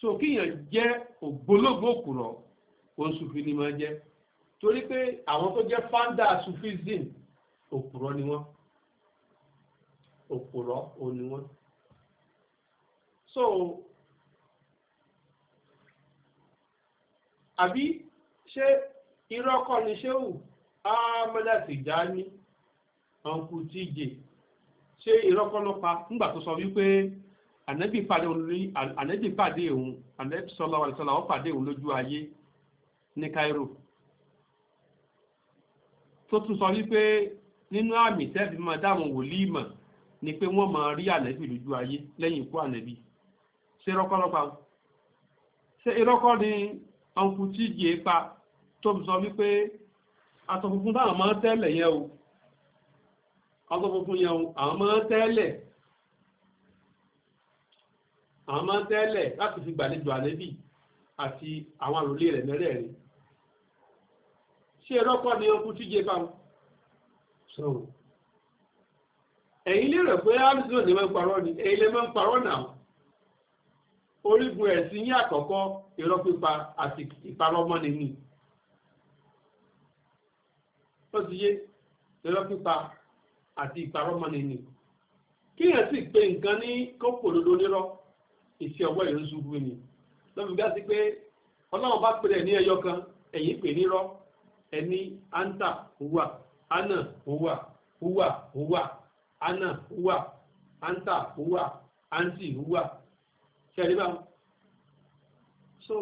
so kíyàn jẹ́ ògbólógbò kùrọ̀ òun sùfì ni máa jẹ́ torí pé àwọn tó jẹ́ fáńdà sufism òpùrọ̀ ni wọ́n. O òní wọn. so àbí ṣé irọ́ kọ́ ni ṣéwù Ahmad Tijani ọ̀nkù tíje ṣé irọ́ kọ́ ló pa nígbà tó sọ wípé ànẹ́bì pàdé òun ní ànẹ́bì pàdé òun ànẹ́bì sallallahu alaihi wasallam ó pàdé òun lójú ayé ní Cairo tó tún sọ wípé nínú àmì tẹ́ẹ̀fì máa dáhùn wòlíì mọ̀ ni pé wọ́n máa rí ànẹ́bì lójú ayé lẹ́yìn ikú ànẹ́bì ṣe rọ́kọ́lọ́pàá ṣe irọ́kọ́ ni ọkù tí yé pa tó sọ wípé aṣọ funfun táwọn máa ń tẹ́lẹ̀ yẹn o aṣọ funfun yẹn o àwọn máa tẹ́lẹ̀ àwọn máa tẹ́lẹ̀ láti fi gbàlejò ànẹ́bì àti àwọn àròlé rẹ̀ mẹ́rẹ̀ẹ̀rin ṣe irọ́kọ́ ni ọkù tí yé pa sọ̀rọ̀ ẹ̀yin lè rẹ̀ pé alison lè máa ń parọ́ ni ẹ̀yin lè máa ń parọ́ náà orígun ẹ̀sìn yín àkọ́kọ́ irọ́ pípa àti ìparọ́mọ́ni ni ó ti yé irọ́ pípa àti ìparọ́mọ́ni ni kíyàn sì pé nǹkan ní kókò lódó nírọ́ ìṣẹ́ ọwọ́ ìlú ṣubú ni lọ́bi bí a ti pé ọlọ́run bá pèrè ní ẹyọ kan ẹ̀yin pè nírọ́ ẹni anta hùwà anna hùwà hùwà hùwà ana huwa anta huwa anti huwa ṣẹ̀rí bá so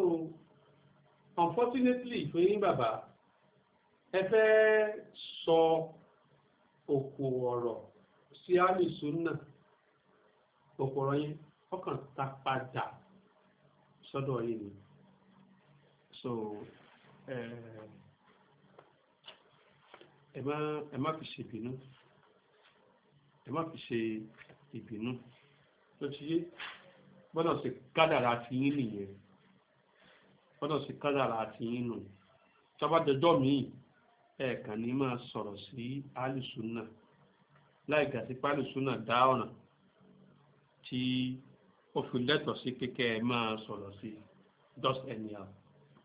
unfortunately fún yín bàbá ẹ fẹ́ sọ òkò ọ̀rọ̀ sí àlùsùn náà òkò ọ̀rọ̀ yẹn ọkàn ta padà sọ́dọ̀ yìí ni so ẹ má fi ṣèbínú ẹ má fi ṣe ìbínú tó ti yé gbọ́dọ̀ sí kádàrà àti yín nìyẹn gbọ́dọ̀ sí kádàrà àti yín nù tọ́bádọjọ́ míì ẹ̀ẹ̀kan ní máa sọ̀rọ̀ sí alùsùnà láì gà sí pálùsùnà dá ọ̀nà tí ó fi lẹ́tọ̀ọ́ sí kíkẹ́ ẹ máa sọ̀rọ̀ sí just anyhow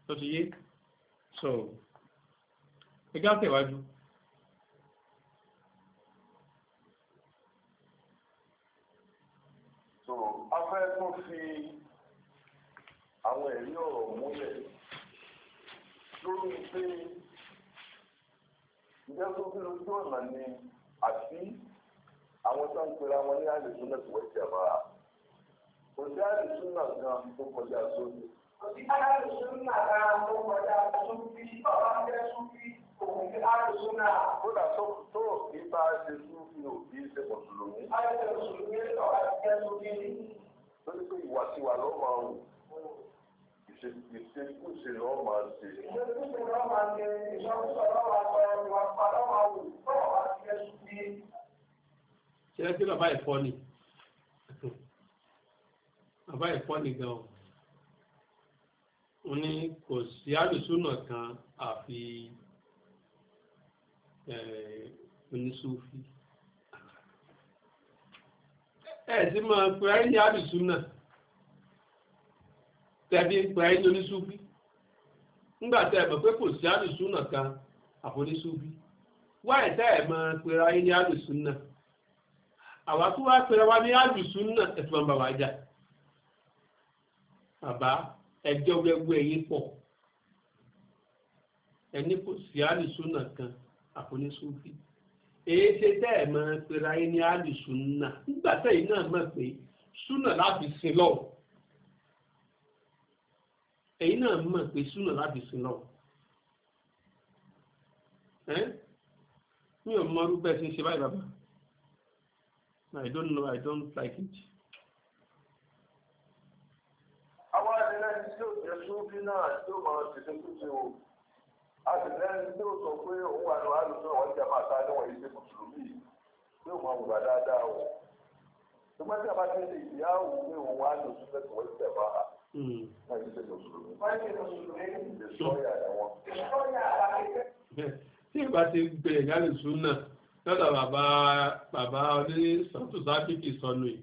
tó ti yé so ẹgbẹ́ àtẹ̀wájú. fi àwọn ẹ̀rí ọ̀rọ̀ múlẹ̀ lórí pé ìjẹ́ tó fi lójú ọ̀nà ni àti àwọn tó ń pera wọn ní àlejò náà tó wọ́n ti àmàrà kò sí àlejò náà gan tó kọjá sóbì. kò sí àlejò náà gan tó kọjá sóbì bàbá ń bẹ́ sóbì òun ti àlejò náà. kódà tó tó kí bá ṣe sóbì òbí ṣe pọ̀ tùlùmí. àlejò sóbì ọ̀rọ̀ àti ẹ̀sùn kìíní sọ́ni pé ìwàkiwà ló máa wù ìṣekúṣe ló máa ṣe. ìṣekúṣe ló máa ṣe ìṣọ́kúṣọ ló máa sọ ìwàkiwà ló máa wù tọ́wọ́ wá sí ẹ̀sùn bí. ṣé kí bàbá ẹ̀ fọ́ ni bàbá ẹ̀ fọ́ ni gan-an wọ́n ní kò sí àlùsùnà kan àfi oníṣòfì. Eh, ẹ̀ sì máa ní alụsụ náà tẹ̀bí ní oníṣúbí ńgbà tẹ́ pé kò sí àdùsùn kan àfoníṣúbí wáyé tẹ́ ẹ̀ máa alụsụ ní àdùsùn àwa tó wá pè wá ní ń bà wá jà bàbá ẹjọ́ yín èé tẹ́ ẹ̀ mọ pera yín ní áàlì súnà nígbà tẹ́yìn náà mọ̀ pé súnà láti sin lọ ẹ̀yin náà mọ̀ pé súnà láti sin lọ mi ò mọ orúkọ ṣe ń ṣe báyìí bàbá I don't know I don't like it. àwọn ẹ̀rẹ́ tí yóò jẹ́ sóbí náà yóò máa ṣètò kúti o a sì lẹ́nu tí ó sọ pé òun wà ní wàhálù tó wọ́n jẹ́ máa ta níwọ̀n yìí ṣe mùsùlùmí pé òun àwùrà dáadáa o ṣùgbọ́n tí a bá ti ń ṣe ìyáwó pé òun wà ní oṣù tẹ̀sán wọ́n jẹ́ máa hmm. wọ́n yìí ṣe mùsùlùmí. wọ́n ṣe mùsùlùmí. ìṣọ́yà ni wọ́n. ìṣọ́yà àbákẹ́kẹ́. tí ìbá ti gbé ìyáàlú e súnà lọ́dọ̀ bàbá bàbá oní sọ́tù sáfíkì sọnù yìí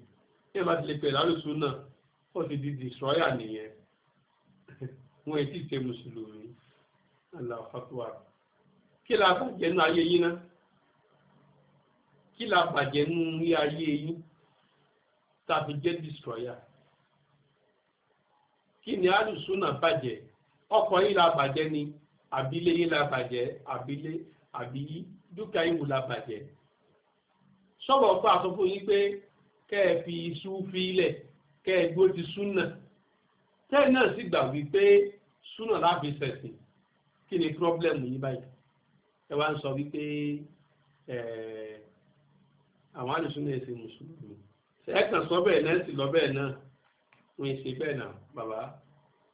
tí ìbá ti lè pè ìyáàlú súnà ó ti di ìṣọ́yà nìyẹn wọ́n ti ṣe mùsùlùmí aláfàtúwà kí la bàjẹ́ nú ayé yín ná kí la bàjẹ́ nú ilé ayé yín tàbí jẹ́ destroyer kí ni alùsùnà bàjẹ́ ọkọ̀ yín la bàjẹ́ ni àbílé yín la bàjẹ́ àbílé àbí dúkìá yín wù la bàjẹ́ sọ̀rọ̀ ọ̀pá sọ yín pé kẹ́ fi iṣu fílẹ̀ kẹ́ gbó ti súnà tẹ́ẹ̀ náà sì gbà wípé súnà láfi ṣẹ̀sìn kí ni problem yín báyìí ẹ wá ń sọ wípé àwọn àlùsùn náà ṣe mùsùlùmí ẹ kàn sọ bẹ́ẹ̀ náà sì lọ bẹ́ẹ̀ náà wọn ṣe bẹ́ẹ̀ náà bàbá.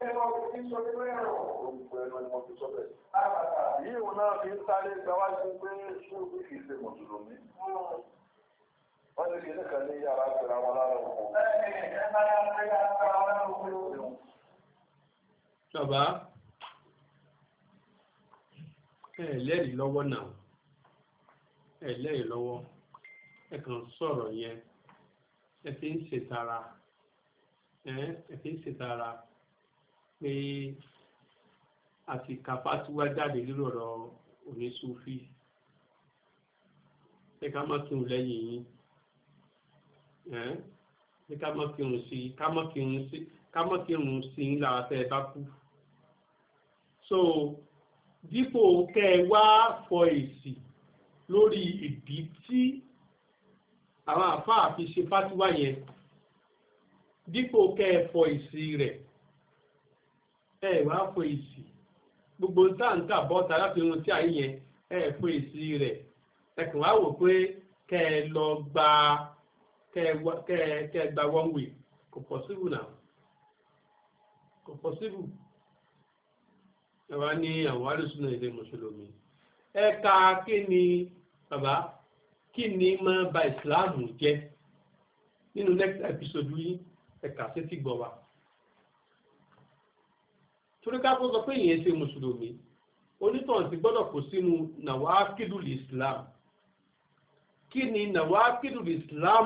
ẹ lọ fi sọ pé bẹ́ẹ̀ rọ̀ olùkọ́ ẹ̀ lọ́ọ́ fi sọ bẹ́ẹ̀. yìí wọn náà fi ń sáré gbáwájú pé ṣóògùn kì í ṣe mùsùlùmí wọ́n ti fi nìkan ní yàrá pẹ̀lú àwọn alára òkú. Bàbá ẹ lẹ́rìí lọ́wọ́ náà ẹ lẹ́rìí lọ́wọ́ ẹ kàn sọ̀rọ̀ yẹn ẹ fi ń ṣètara ẹ fi ń ṣètara pé àti kàfàtúwá jáde lórọ̀ oníṣúfì ẹ ká má kírun lẹ́yìn yín ẹ ká má kírun sí ká má kírun sí ká má kírun sí ńlá tẹ́ ẹ bá kú so. dípò kẹ́ ẹ wá fọ èsì lórí ìdí tí àwọn àfáà fi ṣe fátíwá yẹn dípò kẹ́ ẹ fọ èsì rẹ̀ ẹ wá fọ èsì gbogbo táǹtà bọ́ta láti irun tí àyè yẹn ẹ fọ èsì rẹ̀ ẹ kàn wá wò pé kẹ́ lọ gba kẹ́ ẹ gba one way kò pọ̀ síbù náà kò pọ̀ síbù. ẹ wá ní àwọn alùsùnà ilé mùsùlùmí ẹ̀ka kí ni bàbá kí ni ba ìsìláàmù jẹ́ nínú next episode yìí ẹ̀ka ti gbọ́ wa torí kó sọ pé ìyẹn ṣe mùsùlùmí ti gbọ́dọ̀ kó sínú nàwa kídùlì islam kí ni nàwa kídùlì islam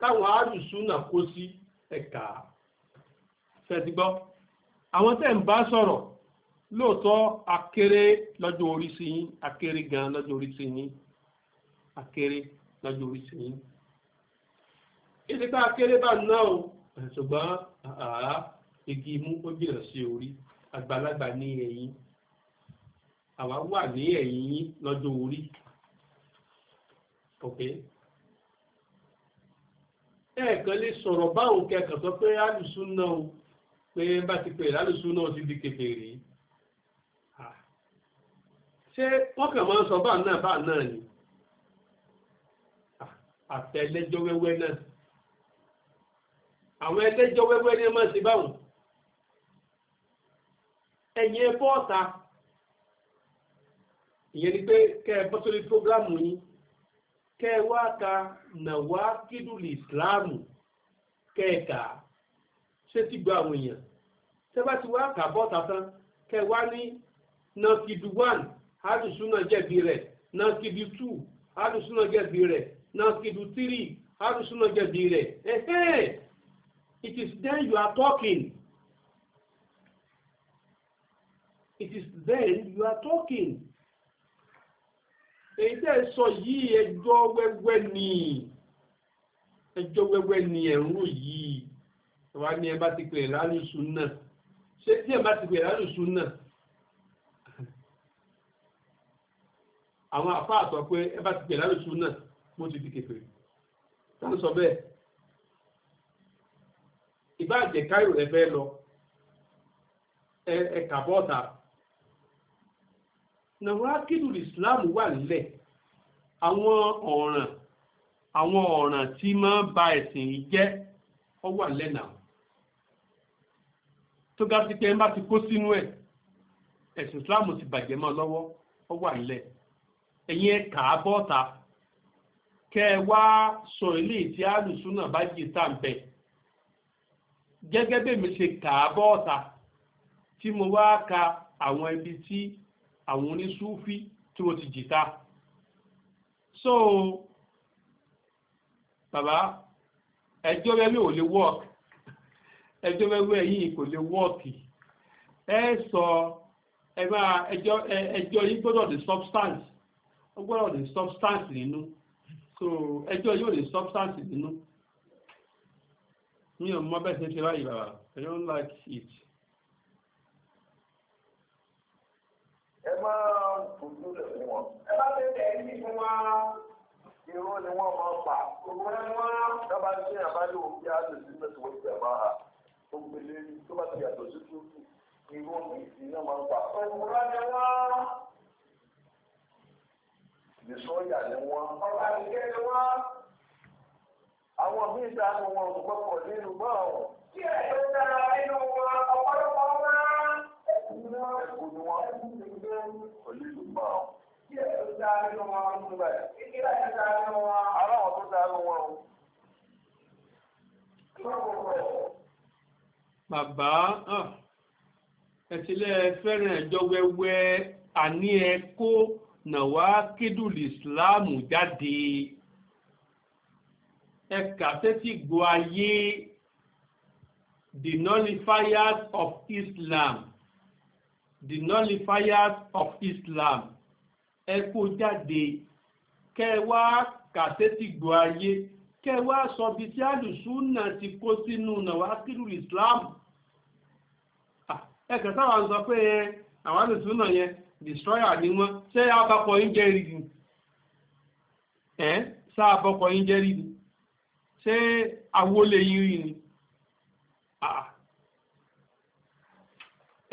táwọn alùsùnà kó sí ti lóòótọ́ akéré lọ́jọ́ orí sí yín akéré gan lọ́jọ́ orí sí yín akéré lọ́jọ́ orí sí yín èdè bá akéré bá ná o ṣùgbọ́n àá igi imú ó jìnà sí orí àgbàlagbà ní ẹ̀yìn àwa wà ní ẹ̀yìn yín lọ́jọ́ orí ẹ̀ẹ̀kan lè sọ̀rọ̀ báwọn kẹ́kọ̀ọ́ pé alùsùn náà pé bá ti pè lálùsùn náà ti di kékeré yìí ṣé wọ́n kàn máa ń sọ bá náà bá náà ni àtẹlẹ́jọ́ wẹ́wẹ́ náà àwọn ẹlẹ́jọ́ wẹ́wẹ́ ní ẹmọ́ sí báwọn ẹ̀yìn ẹ̀fọ́ ọ̀ta ìyẹn ni pé kẹ́ ẹ bọ́ sórí prógrámù yín kẹ́ ẹ wá ka nàwá kídùlì ìsìláàmù kẹ́ ẹ kà ṣé ti gba àwọn èèyàn tẹ́ bá ti wá kà bọ́ọ̀ta tán kẹ́ ẹ wá ní nọ́ọ̀kì dùwánì. alùsùnà jẹ̀bi rẹ̀ nasibu two alùsùnà jẹ̀bi rẹ̀ nasibu three alùsùnà ehe it is then you are talking it is then you are talking èyí ẹ sọ yìí ni ẹjọ́ wẹ́wẹ́ ni ẹ̀rú yìí wà ní ẹ bá àwọn àfáà sọ pé ẹ bá ti pè lálùsùn náà mo ti di kèfèrí táwọn sọ bẹ́ẹ̀ ìbá jẹ́ káyò rẹ fẹ́ lọ ẹ kà bọ́ọ̀tà nàwọn akídùn Islam wà nílẹ̀ àwọn ọ̀ràn àwọn ọ̀ràn tí máa ba ẹ̀sìn yìí jẹ́ ọ wà lẹ́nà tó ga sí pé ẹ má ti kó sínú ẹ̀ ẹ̀sìn Islam ti bàjẹ́ mọ́ lọ́wọ́ ọ wà nílẹ̀ ẹ̀yin ẹ kà á bọ́ta kẹ́ ẹ wá sọ ilé tí alùsùnà bá jì tàǹbẹ̀ gẹ́gẹ́ bẹ́ẹ̀ mi ṣe kà á bọ́ta tí mo wá ka àwọn ibi tí àwọn oníṣúfí tí mo ti jìta so bàbá ẹjọ́ wẹ́wẹ́ ò lè wọ́ọ̀kì ẹjọ́ wẹ́wẹ́ yìí kò lè wọ́ọ̀kì ẹ sọ ẹjọ́ yìí gbọ́dọ̀ the substance ó gbọ́dọ̀ ní substance nínú so ẹjọ́ yóò ní substance nínú mi ò mọ bẹ́ẹ̀ ṣe ṣe báyìí I don't like it. ẹ máa fojú rẹ̀ fún wọn ẹ bá tẹ̀lé ẹni fún wa irú ni wọ́n máa pa gbogbo ẹ̀ wọ́n dábàá ṣe àbáyọ òbí àdùnsí mẹ́tò wọ́n ti ẹ̀ máa hà tó gbélé tó bá ti yàtọ̀ sí tútù irú ni ìdí náà máa pa. ọ̀gbọ́n ni wọ́n ní sọ́yà ni wọ́n. ọba nìkẹ́ ni wọ́n. àwọn míì dánú wọn òṣùpọ̀pọ̀ nínú náà. tí ẹ̀ dára nínú wọn ọ̀pọ̀lọpọ̀ wọn. ẹ̀kú ni wọ́n kò ní tí ẹ̀ dára nínú wọn ọ̀pọ̀lọpọ̀ wọn. ìkíra ẹ̀ dára nínú wọn. ará tó dára nínú wọn. Bàbá ẹ̀sìnlẹ̀ fẹ́ràn ẹ̀jọ́ wẹ́wẹ́ àní ẹ̀kọ́ nàwákídùl ìsìláàmù jáde ẹ̀ka tẹ́tí gbọ́ ayé the nullifiers of Islam the nullifiers of Islam ẹ kó jáde kẹwàá kàtẹ́tì gbọ́ ayé kẹwàá sọ bí tí àlùsúnà ti kó sínú nàwákídùl ìsìláàmù ah, ẹ̀ka táwọn sọ pé àwọn àlùsúnà yẹn destroyer ni wọ́n ṣé abakọ̀ yín jẹ́ rìdì ẹ̀ ṣá abakọ̀ yín jẹ́ rìdì ṣé awolé yín rí ni ah.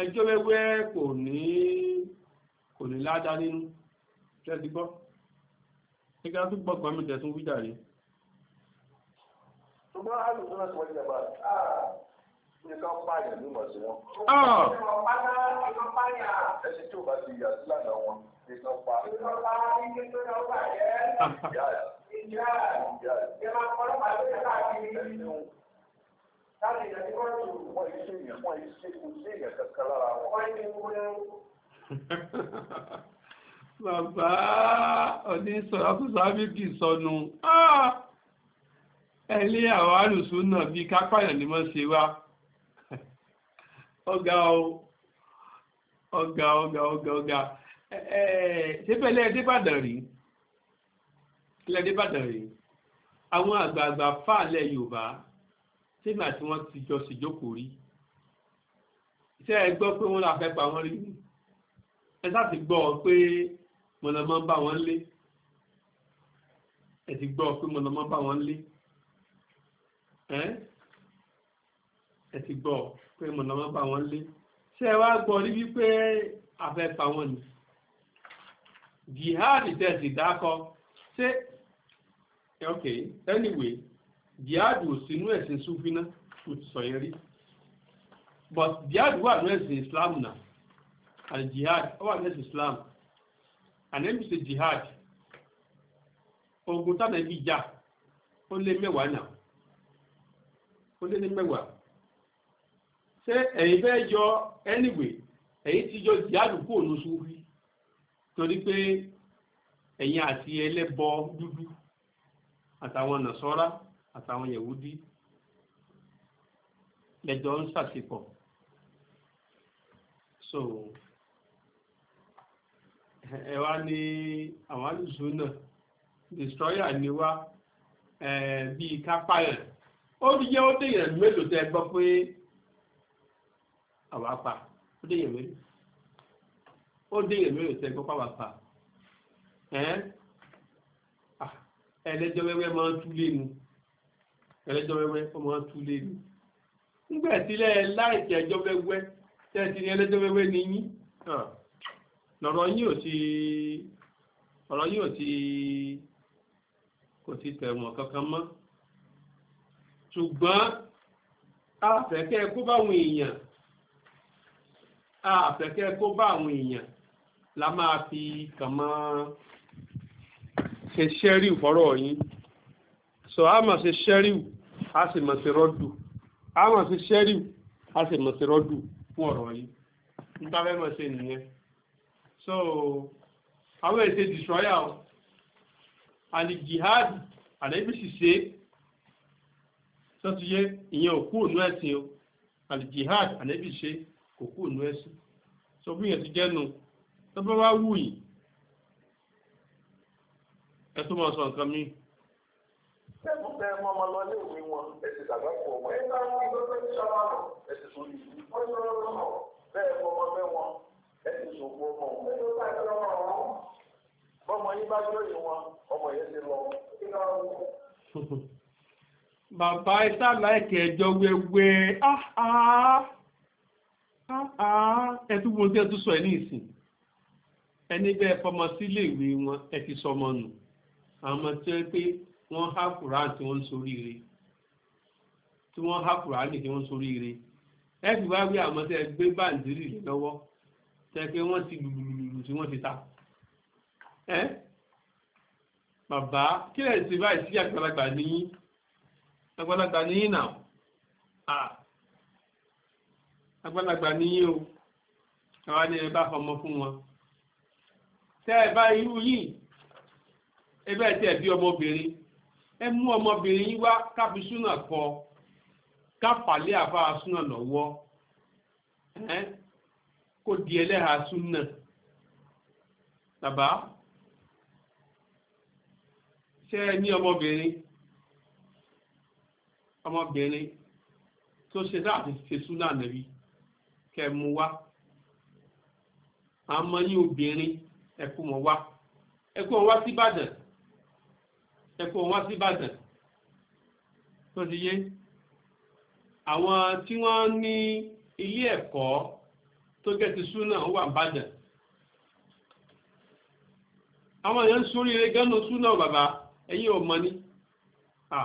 ẹjọ́ wẹ́wẹ́ kò ní kò ní ládá nínú ṣẹ́ ti gbọ́ nígbà tó gbọ́gbọ́n mi tẹ̀sùn wíjà rí. ṣùgbọ́n a lè sọ́nà tí wọ́n Nígbà pààyàn ní ìmọ̀ sí wọn. Ah! Ẹsẹ̀ tí ò bá ti yà sí lànà wọn, nígbà pa. Nígbà pa ilé tó lọ pààyẹ́. Ìyá rẹ̀. Ìyá rẹ̀. Ìyá rẹ̀. Ìjọba ọlọ́pàá ló yẹ káàkiri. Ẹnu. Táyà ìyàtí wọ́n tù. Wọ́n yìí ṣe èèyàn, wọ́n yìí ṣe kò sí èèyàn kankan lára wọn. Wọ́n yìí wọ́n <laughs> Bàbá onísọ̀rọ̀ tó sábìkì sọnù. Ah! Ẹ̀lé àwọn àrùsùn náà bíi kápáyàn ni wọ́n ṣe wá ọ̀gá ọ̀gá ọ̀gá ọ̀gá ọ̀gá ṣébẹ̀ lẹ́ẹ̀dẹ́ bàdàn rí lẹ́ẹ̀dẹ́ bàdàn rí àwọn àgbààgbà fáàlẹ̀ Yorùbá sínú àti wọ́n ti jọ síjókòó rí iṣẹ́ ẹ gbọ́ pé wọ́n là fẹ́ pa wọ́n rí ni ẹ sáà ti gbọ́ ọ pé mọ̀nàmọ́ bá wọn lé ẹ ti gbọ́ pé mọ̀nàmọ́ bá wọn lé ẹ ti gbọ́ pé mọ̀nàmọ́ pa wọ́n lé ṣé ẹ wá gbọ́ rí wípé afẹ́ pa ni jihad tẹ̀sí dákọ́ ṣé ok anyway jihad ò sínú ẹ̀sìn súnfínà kò ti sọ yẹn rí but jihad wà ní ẹ̀sìn Islam náà àti jihad wà ní ẹ̀sìn Islam ànẹ́bí ṣe jihad ogun tánà ẹbí jà ó lé mẹ́wàá náà ó lé ní mẹ́wàá ṣé ẹ̀yin fẹ́ yọ anyway ẹ̀yin ti yọ jihadu kúrò ní sufi torí pé ẹ̀yin àti ẹlẹ́bọ dúdú àtàwọn nàṣọ́ra àtàwọn yẹ̀wúdí lẹ́jọ́ ń ṣàṣepọ̀ so ẹ wá ní àwọn àlùsù náà destroyer ni wá bíi kápáyà ó ti jẹ́ ó dèyàn mélòó tẹ́ gbọ́ pé àwa pa ó dé yẹ̀mí ó dé yẹ̀mí ò sẹ́ kọ́pá wa pa ah, ẹlẹ́jọ́ wẹ́wẹ́ máa ń túlé nu ẹlẹ́jọ́ wẹ́wẹ́ ó máa ń túlé nu ńgbà sílẹ̀ láìsí ẹjọ́ wẹ́wẹ́ tẹ́sí ní ẹlẹ́jọ́ wẹ́wẹ́ ni yín ah, lọ́rọ̀ yín ò sí ọ̀rọ̀ yín ò sí kò sí tẹ̀wọ̀n kankan mọ́ ṣùgbọ́n a fẹ́ kẹ́ ẹ kó báwọn èèyàn àfẹ́kẹ́ kó bá àwọn èèyàn la máa fi kàn mọ́ ṣe ṣẹ́ríù fọ́rọ̀ yín sọ a máa ṣe ṣẹ́ríù a sì máa ṣe rọ́dù a máa ṣe ṣẹ́ríù a sì máa ṣe rọ́dù fún ọ̀rọ̀ yín nípa fẹ́ máa ṣe nìyẹn so àwọn èsè dìstrọ́yà o àlì jihad àlẹ́bí sì ṣe sọ́túyé ìyẹn òkú ònú ẹ̀sìn o àlì jihad àlẹ́bí ṣe kò kú ìnú ẹ̀sìn sọ bí yẹn ti jẹ́nu tó bá wá wù yìí ẹ tó máa sọ nǹkan míì. ẹ̀bùn bẹ́ẹ̀ mọ́ ọmọ lọ ní òwe wọn ẹ ti dàgbà pọ̀ ọmọ ẹ bá wọn lọ bẹ́ẹ̀ ṣá máa ẹ ti sọ yìí wọ́n ti lọ́ọ́ lọ́mọ bẹ́ẹ̀ mọ́ ọmọ bẹ́ẹ̀ wọn ẹ ti sọ fún ọmọ ẹ ló bá jọ ọmọ bọ́mọ yín bá jọ yìí wọn ọmọ yẹn ti lọ <laughs> bàbá ìsàlàyé kẹjọ wẹwẹ áhà. Ah, ah ẹtú wo tí ẹ tún sọ ẹ ní ìsìn ẹni bẹ́ẹ̀ fọmọ sílé ìwé wọn ẹ ti sọmọ nù àwọn ọmọ tí wọ́n pé wọ́n há kùrán tí wọ́n ń soríire tí wọ́n há kùrán tí wọ́n ń soríire ẹ fi wá wí àwọn tí ẹ gbé bàǹdírì lọ́wọ́ tẹ pé wọ́n ti lùlùlùlù tí wọ́n ti ta ẹ bàbá kí lẹ́yìn tí báyìí sí àgbàlagbà níyìn àgbàlagbà níyìn náà àgbàlagbà níyí o àwa ni ẹ bá fọmọ fún wọn tẹ ẹ bá irú yìí ẹ bẹ́ẹ̀ tẹ bí ọmọbìnrin ẹ mú ọmọbìnrin yín wá káfi súnà kọ káfàlẹ́ àfáà súnà lọ́wọ́ kó di ẹlẹ́ha súnà bàbá ṣe ẹ ní ọmọbìnrin ọmọbìnrin tó ṣe dáàbò ṣe súnà nàbí. kẹmu wá àwọn ọmọ obìnrin ẹkú wọn wá ẹkú wọn wá ẹkú wọn wá tó ti yé àwọn tí ní ilé tó ti wà sórí eré gánà bàbá ò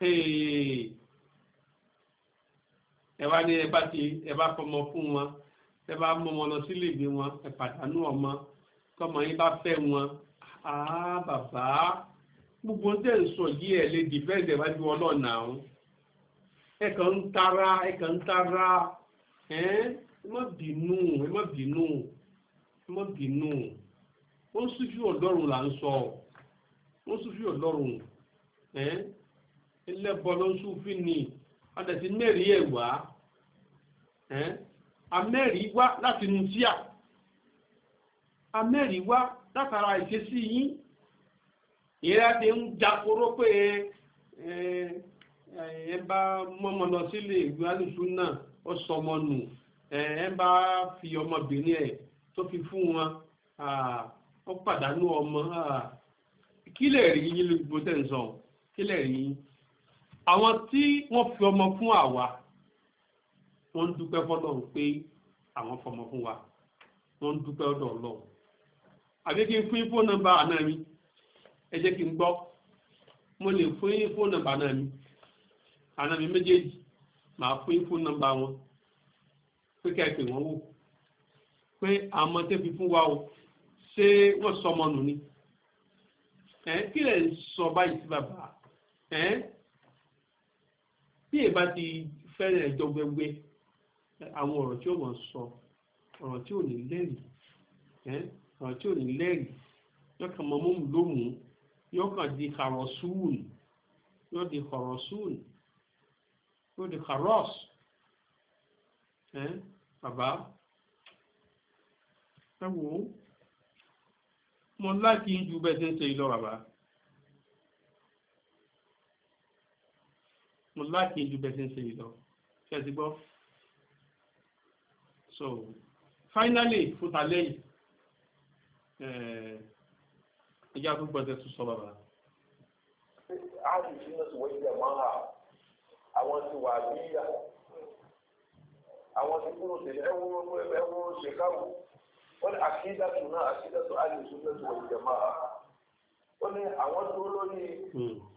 ni ẹ wá ní ẹ bá ti ẹ bá fọmọ fún wọn ẹ bá mọmọ lọ sílé ìgbé wọn ẹ pàdánù ọmọ tọmọ yín bá fẹ́ wọn àá bàbá gbogbo tẹ ń sọ yìí ẹ lè dìfẹ́ǹdì ìwájú ọlọ́ọ̀nà ọ̀hún ẹ kàn ń tara ẹ kàn ń tara ẹ má bínú ẹ má bínú ẹ má bínú ó ń súnfí ọlọ́run là ń sọ ó ń súnfí ọlọ́run ẹ ẹlẹ́bọ ló ń súnfí ni ọ̀dẹ̀ ti mẹ́rí ẹ̀ wá amẹ́rí wá láti nu tíà amẹ́rí wá látara ìṣesí yín ìrẹ́ ti ń jakoro pé ẹ bá mọ́mọ́ lọ sílé ìwé alùsùn náà ó sọmọ nù ẹ bá fi ọmọbìnrin ẹ̀ tó fi fún wọn ó pàdánù ọmọ kí lè rí yín lóògbé tẹ̀ kí lè rí yín àwọn tí wọ́n fi ọmọ fún àwa wọ́n ń dúpẹ́ fọ́lọ́run pé àwọn fọmọ fún wa wọ́n ń dúpẹ́ ọ̀dọ̀ ọlọ́run àbí kí n fún yín fóònù nọ́mbà àná mi ẹ jẹ́ kí n gbọ́ mo lè fún yín fóònù nọ́mbà àná mi àná mi méjèèjì màá fún fóònù nọ́mbà wọn pé kí ẹ wò pé àmọ́ tẹ́ fún wa o ṣé wọ́n sọ ọmọ nù ni ẹ kí lẹ̀ sọ báyìí sí bàbá ẹ bí èèbá ti fẹ́rẹ̀ ẹjọ́ gbẹgbẹ́ àwọn ọ̀rọ̀ tí ó mọ̀ sọ ọ̀rọ̀ tí ò ní lẹ́rìí ọ̀rọ̀ tí ò ní lẹ́rìí yọkàn mọ́ mọ́mú lómù yọkàn di kàrọ̀ yọ di kọ̀rọ̀ yọ di kàrọ̀s bàbá ẹ wò ó mo láti ń ju bẹ́ẹ̀ ṣe ń ṣe yìí lọ bàbá. mo láàkì ju bẹ́ẹ̀ ṣe ń ṣe lọ ṣe ti gbọ́. so finally fúta lẹ́yìn ìjà tó gbọ́dọ̀ tún sọ bàbá. àdìsí náà ti wọ́n yíyà máa hà àwọn ti wà bíyà àwọn ti kúrò sí ẹwúrò ẹwúrò ṣèkáwò wọ́n ní àkídà tó náà àkídà tó àdìsí náà ti wọ́n yíyà máa hà ó ní àwọn tó lórí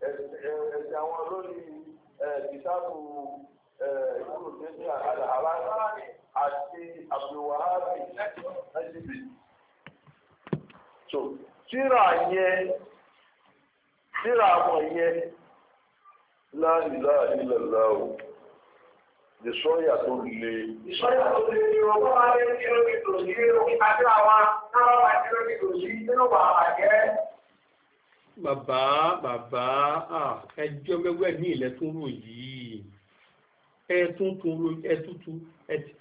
ẹ̀sìn àwọn lórí kìtàbù ìkúrò tẹ́sí àlàárá àti àbúwàárì ẹ̀sìbì. so tíra yẹn tíra àwọn yẹn láìlá ìlàlá o ìsọ́yà tó le. ìsọ́yà tó le ni wọ́n wá lé kílómítò sí àti àwọn náà wà kílómítò sí nínú wàhálà bàbá bàbá ẹjọ́ wẹ́wẹ́ ní ilẹ̀ tún rò yìí ẹ tún tún ro ẹ tútù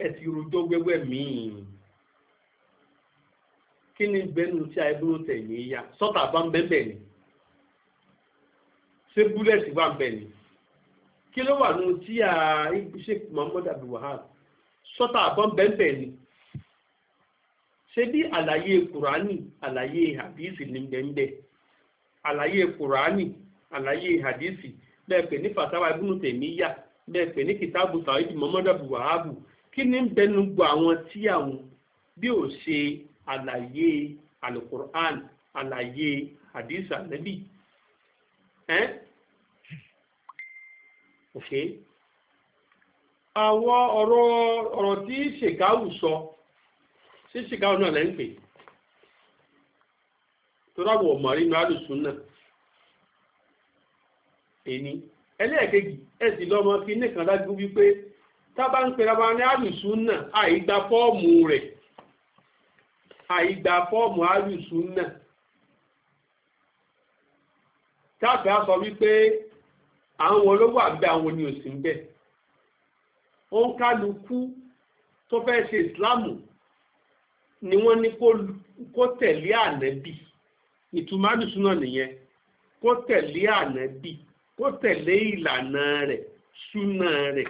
ẹ ti rojọ́ wẹ́wẹ́ míì kí ni bẹ́nu tí àìbúrò tẹ̀yìn ya sọ́tà bá ń bẹ́ẹ̀ ni ṣé búlẹ̀tì bá ń bẹ́ẹ̀ ni kí ló wà nù tí à Sheikh Muhammad Abdul Wahab bá ń bẹ́ẹ̀ ni ṣé bí àlàyé Kùránì àlàyé hadisi ní bẹ́ẹ̀ bẹ́ẹ̀ àlàyé kùránì àlàyé hadisi bẹ́ẹ̀ pè ní fatawa ibùnú tèmíyà bẹ́ẹ̀ pè ní kìtàbù sàwídì mọ́mọ́dàbù wàhábù kí ni ń bẹnu gbọ́ àwọn tí àwọn bí ò ṣe àlàyé alukur'an àlàyé hadisi ànábì àwọn ọ̀rọ̀ ọ̀rọ̀ tí ṣèkáwù sọ sí ṣèkáwù náà lẹ́ ń torí àwọn ọmọ rí náà èní ẹlẹ́ẹ̀kejì lọ́mọ kí nìkan dájú wípé tábà ń pera ní àlùsùn náà àìgbà fọ́ọ̀mù rẹ̀ àìgbà fọ́ọ̀mù náà tábà sọ wípé àwọn ló wà ni ò sí ó ń kálukú tó fẹ́ ni wọ́n ní kó ìtumọ̀ àdùsúnà nìyẹn kó tẹ̀lé ànábì kó tẹ̀lé ìlànà rẹ̀ súnà rẹ̀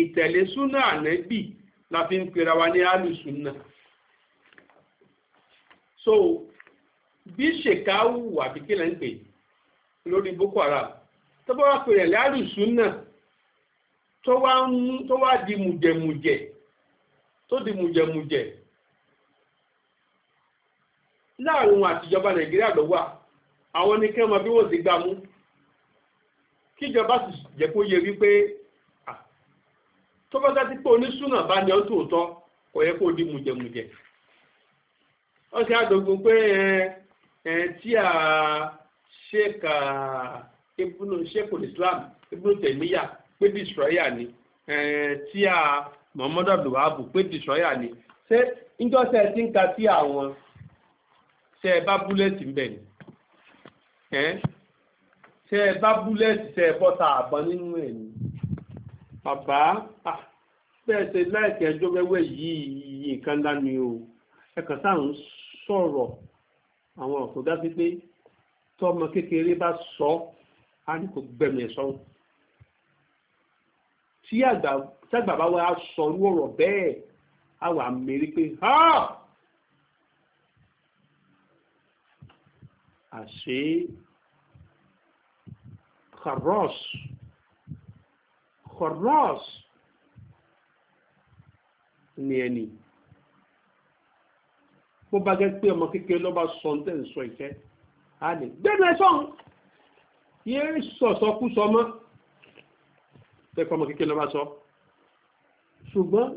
ìtẹ̀lé súnà ànábì la fi ń pera wa ní àlùsúnà. so bí ṣèkáwù àbí kí lẹ́ ń pè lórí Boko Haram tó bá wá pèrè lálùsúnà tó wá di mùjẹ̀mùjẹ̀ tó di mùjẹ̀mùjẹ̀ láàrin wọn àtijọba nàìjíríà ló wà àwọn ní kẹ́mọ bí wọ́n ti gbà mú kíjọba sì jẹ́ kó yẹ wípé tó bá dájú pé oníṣúná bá ní ọtún òótọ́ kò yẹ kó di mùjẹmùjẹ wọ́n ti àdógó pé tí a ṣe kà ibùnú ṣekùn islam ibùnú tẹ̀míyà pé destroyer ni tí a muhammadu abdulwahab pé destroyer ni ṣé njọ́sẹ̀ ti ń ka sí àwọn tẹ́ ẹ bá búlẹ̀tì ńbẹ̀ ni tẹ́ ẹ bá búlẹ̀tì tẹ́ ẹ bọ́ta àbọ̀ nínú ẹ̀ ni bàbá bẹ́ẹ̀ ṣe láìpẹ́ ẹjọ́ wẹ́wẹ́ yìí nǹkan ńlá ni o ẹ kàn sáà ń sọ̀rọ̀ àwọn ọ̀tọ̀ dá sí pé tọ́mọ kékeré bá sọ á ní kò gbẹ̀mí ẹ̀ sọ́hún tí àgbà bá wá sọ irú ọ̀rọ̀ bẹ́ẹ̀ á wà mérí pé háà. àṣé kharos kharos ni ẹni bó bá gẹ́ pé ọmọ kékeré ló bá sọ ní tẹ̀ ń sọ ìfẹ́ á lè gbẹ́nu ẹ̀sán yé sọ̀sọ́kúsọ mọ́ tẹ́kọ̀ ọmọ kékeré ló sọ ṣùgbọ́n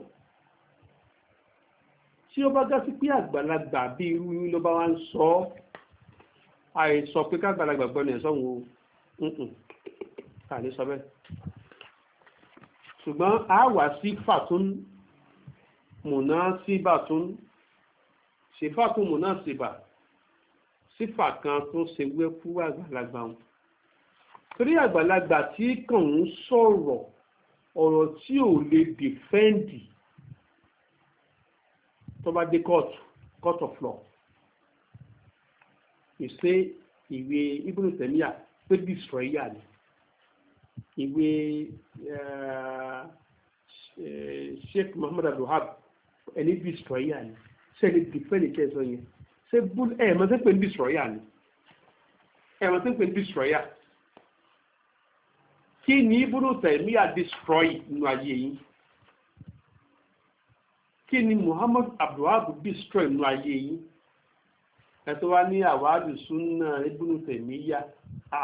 tí ó bá gá sí pé àgbàlagbà bí irú yín ló bá wá ń sọ ọ́ àìsọ pé kágbàlagbà gbọ́nà ẹ̀sọ́ wo àní sọ bẹ́ẹ̀ ṣùgbọ́n a wà sí fàtún mùná síbà tún ṣèfà tún mùná síbà sífà kan tó ṣe wẹ́kú àgbàlagbà wọn torí àgbàlagbà tí kàn ń sọ̀rọ̀ ọ̀rọ̀ tí ò lè dìfẹ́ǹdì tó bá dé kóòtù court of law you say ìwé ibùdó tẹ̀míà pé destroyer ni ìwé eh, eh, Sheikh Muhammad abdulhab ẹni destroyer ni sẹ́ni dìfẹ́ni kẹsàn yẹn ṣé bùn ẹ̀ mọ̀ sẹ́pẹ̀ ní destroyer ni ẹ̀ mọ̀ sẹ́pẹ̀ ní destroyer kí ni ibùdó tẹ̀míà destroy nù ayé yìí kí ni Muhammad abdulhab destroy nù ayé yìí. ẹ tó wá ní àwáàdù súnà Ibnu Taymiyyah a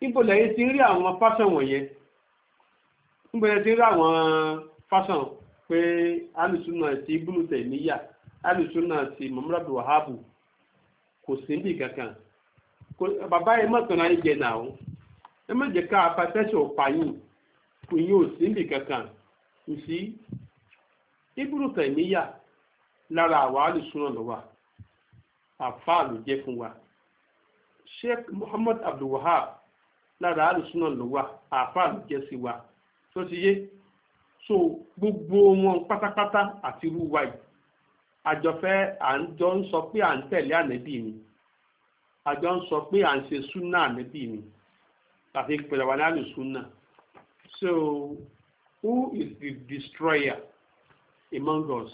níbo lẹ́yìn ti ń rí àwọn fásán wọ̀nyẹn níbo lẹ́yìn ti ń rí àwọn fásán pé ti Ibnu Taymiyyah alùsùnà ti Muhammad Abdul kò sí níbi kankan bàbá yẹn mọ̀tàn ayé jẹ náà ẹ má jẹ́ ká apatẹ́sọ̀ pààyàn kò yín ò sí níbi kankan kò sí Ibnu Taymiyyah lára àfáà ló jẹ́ fún wa sheikh muhammad abdulwahab lára àlùsùnà ló wà àfáà ló jẹ́ sí wa tó ti yé so gbogbo wọn pátápátá àti irú wa yìí àjọfẹ́ à ń jọ ń sọ pé à ń tẹ̀lé ànẹ́bí mi àjọ ń sọ pé à ń ṣe súnà ànẹ́bí mi tàbí pẹ̀lẹ́ wà ní àlùsùnà so who is the destroyer among us?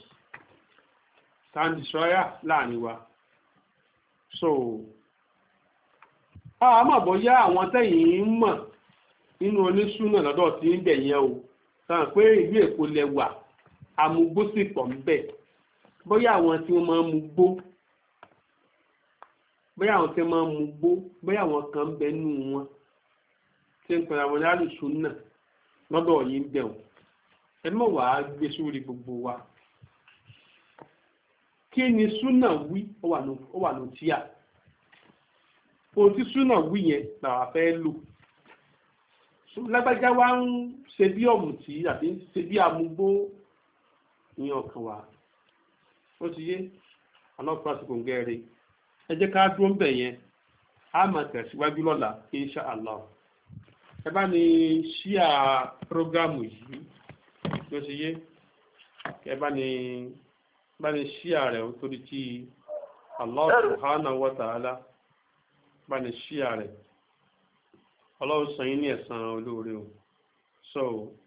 Sand destroyer láàrin wa so a mọ̀ bóyá àwọn tẹ̀yìn ń mọ̀ nínú oníṣúná lọ́dọ̀ tí ń bẹ̀ yẹn o sàn pé ìlú Èkó lẹ́wà amugbó sì pọ̀ ń bẹ̀ bóyá àwọn tí wọ́n máa ń mugbó bóyá àwọn tí wọ́n máa ń mugbó bóyá àwọn kan ń bẹ nù wọn tí ń pẹ̀lú àwọn alùsùn náà lọ́dọ̀ yìí o ẹ mọ̀ wàá gbé sórí gbogbo wa kí ni súnà wí ó wà ló tíà ohun tí súnà wí yẹn làwà fẹ́ lò lágbájá wa ń ṣe bí ọ̀mùtí àti ṣe bí amúgbó ìyẹn ọ̀kan wa ó ti yé ọlọ́pàá àti kòǹgẹ́rẹ́ ẹ jẹ́ ká dúró ń bẹ̀ yẹn a máa tẹ̀síwájú lọ́la insha allah ẹ bá ní ṣíà prógámù yìí ló ti yé ẹ bá ní. bá ní ṣíà rẹ̀ ó torí tí Allah subhanahu wa ta'ala bá ní ṣíà rẹ̀ ọlọ́run sàn yín ní ẹ̀san olóore o so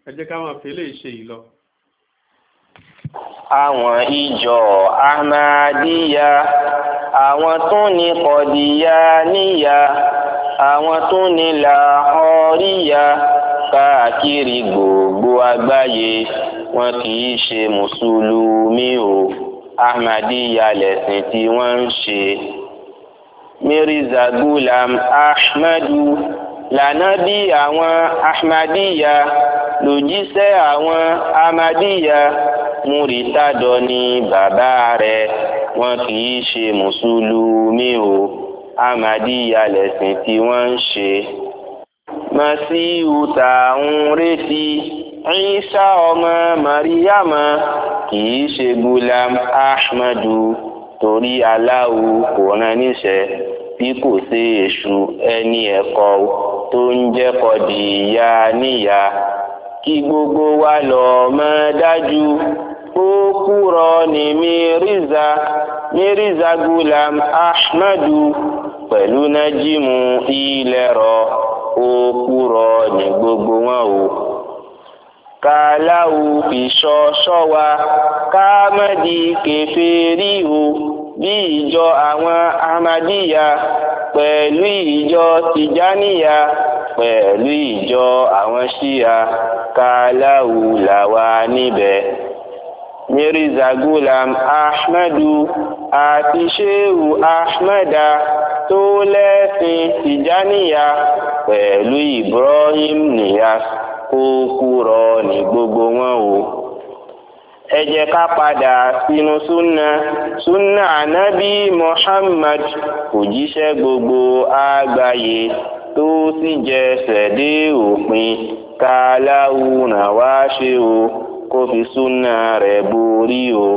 ẹ jẹ́ ká máa awọn eléyìí ṣe yìí lọ. awọn ìjọ ahmadiyya àwọn ya ní kọdíyà níyà àwọn tún ní làhọríyà káàkiri gbogbo àgbáyé. wọn kì í ṣe mùsùlùmí o ahmadiyya lẹ̀sìn tí wọ́n ń ṣe. mirza gulam ahmadu lànábì àwọn ahmadiyya lòjíṣẹ́ àwọn ahmadiyya múritádọ ni bàbá rẹ̀ wọn kì í ṣe mùsùlùmí o ahmadiyya lẹ̀sìn tí wọ́n ń ṣe. masiu tá ń retí. Ìsá ọmọ Mariama, kìí ṣe Gulam Ahmadu torí Allahu kò rán níṣẹ́ bí kò sí èṣù ẹni ẹ̀kọ́ tó ń jẹ́kọ̀ di ìyá níyà kí gbogbo wa lọ mọ̀ dájú ó kúrọ ní Mírízà Mírízà Gulam Ahmadu pẹ̀lú nájímù ilẹ̀ rọ ó kúrọ ní gbogbo wọn o kàláwù ìṣọ́ ṣọ́wa káàmọ́dì kẹfẹ́rí o bí ìjọ àwọn ahmadíyà pẹ̀lú ìjọ tìjáníyà pẹ̀lú ìjọ àwọn ṣíyà kàláwù làwa níbẹ̀. Mirza Gulam Ahmadu àti Ṣéhù Ahmada tó lẹ́sìn tìjáníyà pẹ̀lú Ibrahim Niyas. kó kúrò ní gbogbo wọn o ẹ jẹ́ ká padà sínú súnà súnà ànábì Muhammad òjíṣẹ gbogbo àgbáyé tó sì jẹsẹ̀ dé òpin ká wá ṣe o kó fi súnà rẹ̀ borí o.